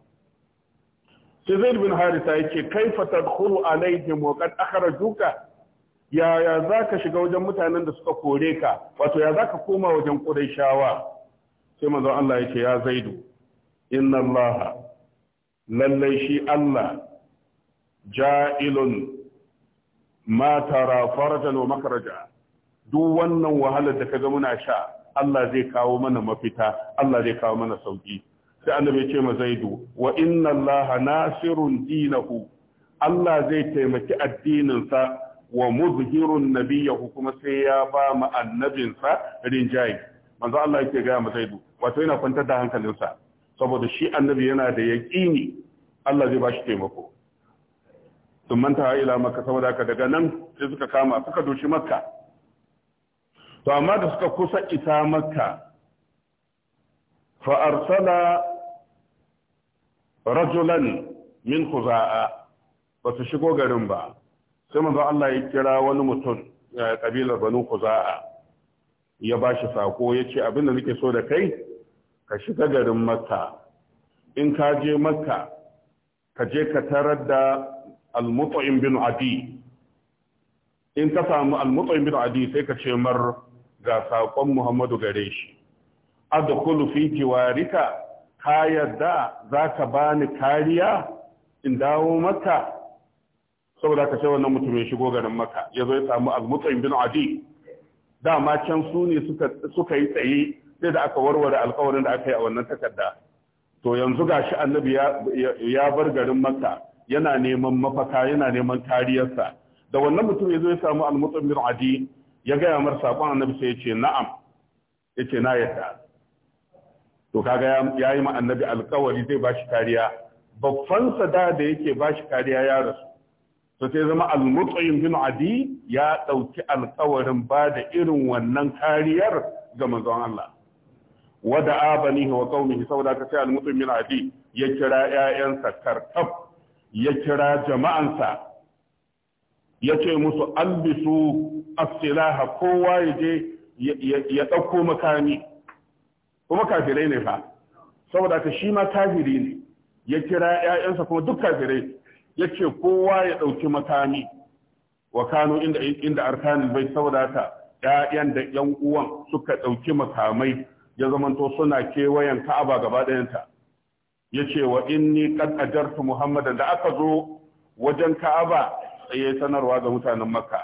sai zaid bin harisa yake kaifa tadkhulu alaihim wa qad akhrajuka ya ya zaka shiga wajen mutanen da suka kore ka wato ya zaka koma wajen quraishawa sai manzo Allah yake ya zaidu inna allaha lallai shi Allah ja'ilun ma tara farajan wa makaraja duk wannan wahalar da kaga muna sha Allah zai kawo mana mafita Allah zai kawo mana sauki sai annabi ce ma zaidu wa inna allaha nasirun dinahu Allah zai taimaki addininsa wa mudhirun nabiyahu kuma sai ya ba mu annabinsa rinjayi manzo Allah yake ga ma zaidu wato yana kwantar da hankalinsa saboda shi annabi yana da yaqini Allah zai ba shi taimako sun manta ila makka saboda haka daga nan sai suka kama suka doshi makka to amma da suka kusa isa makka fa arsala rajulan min khuza'a ba su shigo garin ba sai manzo Allah ya kira wani mutum kabilar banu khuza'a ya ba shi sako ya ce, abin da nake so da kai ka shiga garin makka in ka je makka ka je ka tarar da al-mut'im bin adi in ka samu al-mut'im bin adi sai ka ce mar ga Muhammadu gare shi adkhulu fi jiwarika ka yadda zaka bani kariya in dawo maka saboda ka ce wannan mutum ya shigo garin maka ya zo samu al-mut'im bin adi dama can su suka yi tsaye sai da aka warware alkawarin da aka yi a wannan takarda to yanzu gashi annabi ya bar garin maka. yana neman mafaka yana neman kariyarsa da wannan mutum ya zo ya samu al-mutammir ya gaya mar saƙon annabi sai ya ce na'am ya ce na yadda to kaga ya yi ma annabi alkawari zai ba shi kariya babban sada da yake ba shi kariya ya rasu to sai zama al bin adi ya ɗauki alkawarin ba da irin wannan kariyar ga manzon Allah wada abanihi wa qaumihi saboda ka sai al bin adi ya kira ƴaƴansa karkab ya kira jama'ansa ya ce musu albisu asilaha kowa ya je ya ɗauko makami kuma kafirai ne fa saboda ka shi ma kafiri ne ya kira ‘ya'yansa kuma duk kafirai ya ce kowa ya ɗauki makami wa kano inda arkanin bai saboda ka ‘ya'yan da ‘yan uwan suka ɗauki makamai ya zamanto suna kewayen ka'aba gaba ɗayanta yace wa inni qad ajartu muhammadan da aka zo wajen ka'aba tsaye sanarwa ga mutanen makka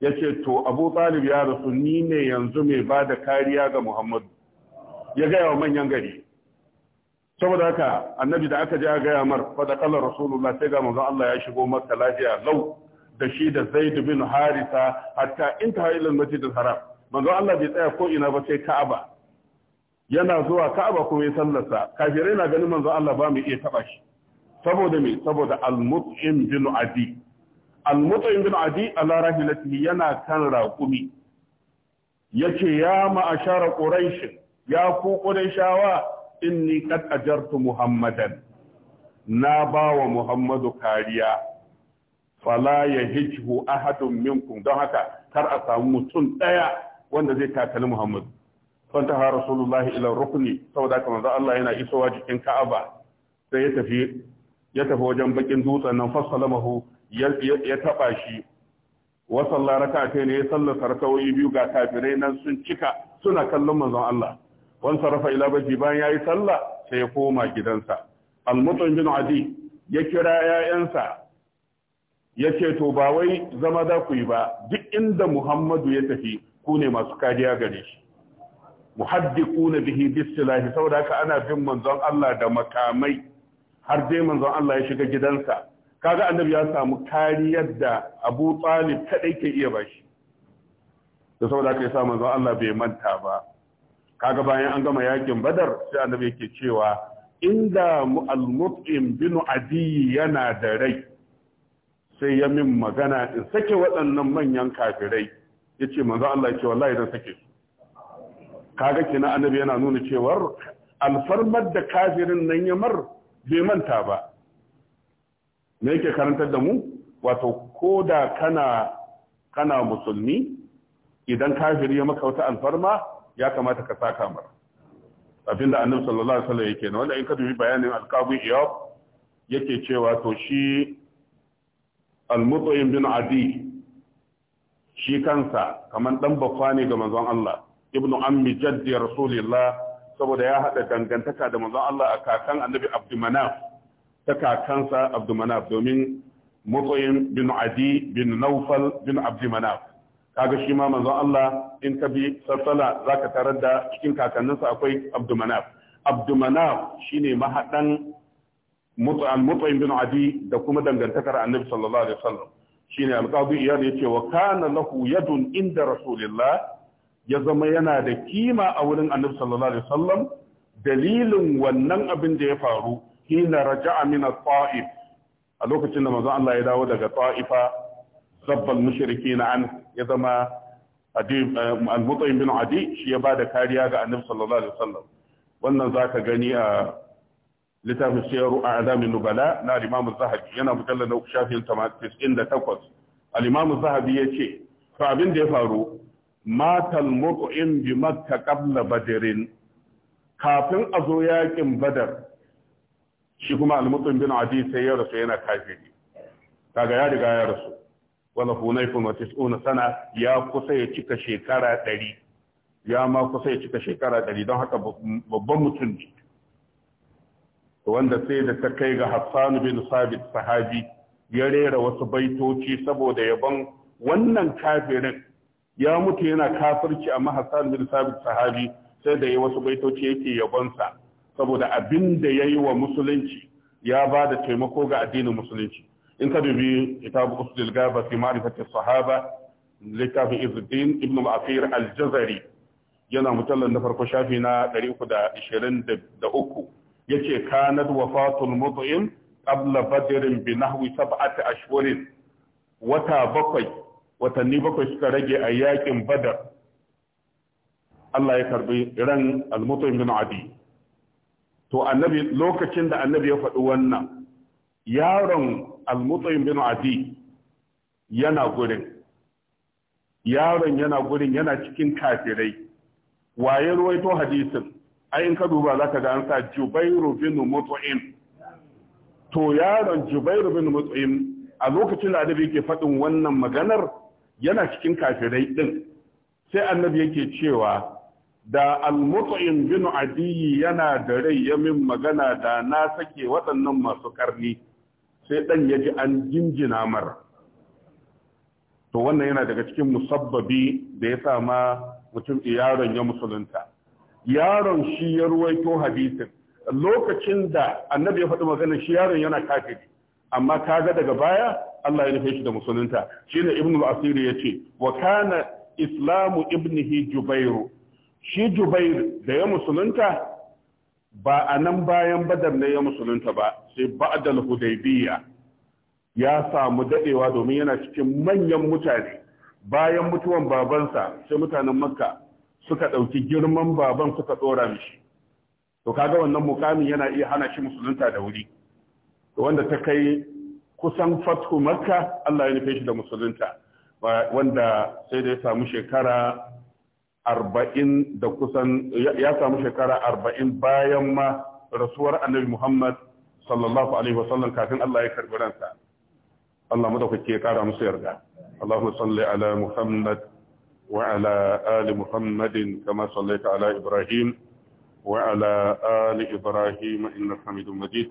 yace to abu talib ya rasu ni ne yanzu mai ba da kariya ga muhammadu ya gaya wa manyan gari saboda haka annabi da aka je a gaya mar kallon rasulullah sai ga manzon Allah ya shigo maka lafiya lau da shi da zaid bin harisa hatta intaha ila masjid al-haram manzon Allah bai tsaya ko ina ba sai ka'aba yana zuwa ka'aba kuma ya sallarsa kafirai na ganin manzo Allah ba mu iya taba shi saboda me saboda al-mut'im bil adi al-mut'im bil adi ala rahilatihi yana kan raqumi yace ya ma'ashara quraish ya ku quraishawa inni qad ajartu muhammadan na bawa muhammadu kariya fala hijhu ahadun minkum don haka kar a samu mutum daya wanda zai takali muhammadu fantaha rasulullahi ila rukuni saboda haka manzo Allah yana isowa jikin Ka'aba sai ya tafi ya tafi wajen bakin dutsen nan fasalamahu ya taba shi wa salla rak'atayn ne ya sallata rak'o'i biyu ga kafirai nan sun cika suna kallon manzon Allah wan sarafa ila baji bayan yayi sallah sai ya koma gidansa al bin adi ya kira yayansa ya ce to ba wai zama za ku yi ba duk inda Muhammadu ya tafi ku ne masu kariya gare shi muhaddiquna bihi bisilahi saboda haka ana bin manzon Allah da makamai har dai manzon Allah ya shiga gidansa kaga annabi ya samu kariyar da Abu Talib ta ke iya bashi da saboda haka yasa manzon Allah bai manta ba kaga bayan an gama yakin Badar sai annabi yake cewa inda al-mut'im bin adi yana da rai sai ya min magana in sake waɗannan manyan kafirai yace manzon Allah ya wallahi dan sake su kaga kina annabi yana nuna cewar alfarmar da kafirin nan ya mar bai manta ba me yake karantar da mu wato ko da kana kana musulmi idan kafiri ya maka wata alfarma ya kamata ka saka mar abinda annabi sallallahu alaihi wasallam yake na wanda in ka dubi bayanin alqabi iyab yake cewa to shi almutayyim bin adi shi kansa kaman dan bakwa ne ga manzon Allah ibnu ammi jaddi rasulillah saboda ya hada dangantaka da manzon Allah a kakan annabi abdumanaf ta kakansa abdumanaf domin matsayin bin adi bin naufal bin abdumanaf kaga shi ma manzon Allah in ka bi sassala zaka tarar da cikin kakanninsa akwai abdumanaf abdumanaf shine mahadan mutsayin bin adi da kuma dangantakar annabi sallallahu alaihi wasallam shine alqadi iyad yace wa kana lahu yadun inda rasulillah ya zama yana da kima a wurin annabi sallallahu alaihi wasallam dalilin wannan abin da ya faru hina raja'a min at-ta'if a lokacin da manzon Allah ya dawo daga ta'ifa sabbal mushrikin an ya zama eh, al-mutaim bin adi shi ya bada kariya ga annabi sallallahu alaihi wasallam wannan zaka gani a littafin siyaru a azamin nubala na al-imam az-zahabi yana mujallal na shafin 98 al-imam az-zahabi ce to abin da ya faru matal mutu'in bi makka qabla badrin kafin a zo yakin badar shi kuma al-mutum bin ya rasu kaga ya riga ya rasu wala hunayfun wa tis'una sana ya kusa ya cika shekara ɗari, ya ma kusa ya cika shekara ɗari. don haka babban mutum ne wanda sai da ta kai ga Hassan bin Sabit sahabi ya rera wasu baitoci saboda yabon wannan kafirin ya mutu yana kafirci a Hassan bin Sabit sahabi sai da yayi wasu baitoci yake yabonsa saboda abin da yayi wa musulunci ya ba da taimako ga addinin musulunci in ka dubi kitabu usulul gaba fi ma'rifati sahaba littafin Izzuddin ibn Ma'afir al-Jazari yana mutallan na farko shafi na 323 yace kanat wafatul mut'im qabla badrin bi nahwi sab'ati ashhurin wata bakwai watanni bakwai suka rage a yakin badar Allah ya karbi ran almutum bin adi to annabi lokacin da annabi ya faɗi wannan yaron almutum bin adi yana gurin yaron yana gurin yana cikin kafirai waye ruwaito hadisin ai in ka duba ka ga an sa jubairu bin mut'im to yaron jubairu bin mut'im a lokacin da annabi yake faɗin wannan maganar yana cikin kafirai ɗin, sai annabi yake cewa da al-mut'im bin adiyi yana da rai ya min magana da na sake waɗannan masu karni sai ɗan ya ji an jinjina mara to wannan yana daga cikin musabbabi da ya sa ma mutum yaron ya musulunta yaron shi ya ruwaito hadisin lokacin da annabi ya faɗi magana shi yaron yana kafiri amma kaga daga baya Allah ya nufe shi da musulunta Shi ne ibn al-asiri ce, wa kana islamu ibnihi jubairu shi jubair da ya musulunta ba a nan bayan badar ne ya musulunta ba sai ba'dal hudaybiya ya samu dadewa domin yana cikin manyan mutane bayan mutuwan babansa sai mutanen makka suka dauki girman baban suka dora mishi to kaga wannan mukamin yana iya hana shi musulunta da wuri wanda ta kai kusan fathu makka Allah ya nufe shi da musulunta wanda sai da ya samu shekara arba'in da kusan ya samu shekara arba'in bayan ma rasuwar annabi Muhammad sallallahu alaihi wasallam kafin Allah ya karbi ransa Allah da kuke kara musu yarda Allahumma salli ala Muhammad wa ala ali Muhammadin kama sallaita ala Ibrahim wa ala ali Ibrahim innaka Hamidum Majid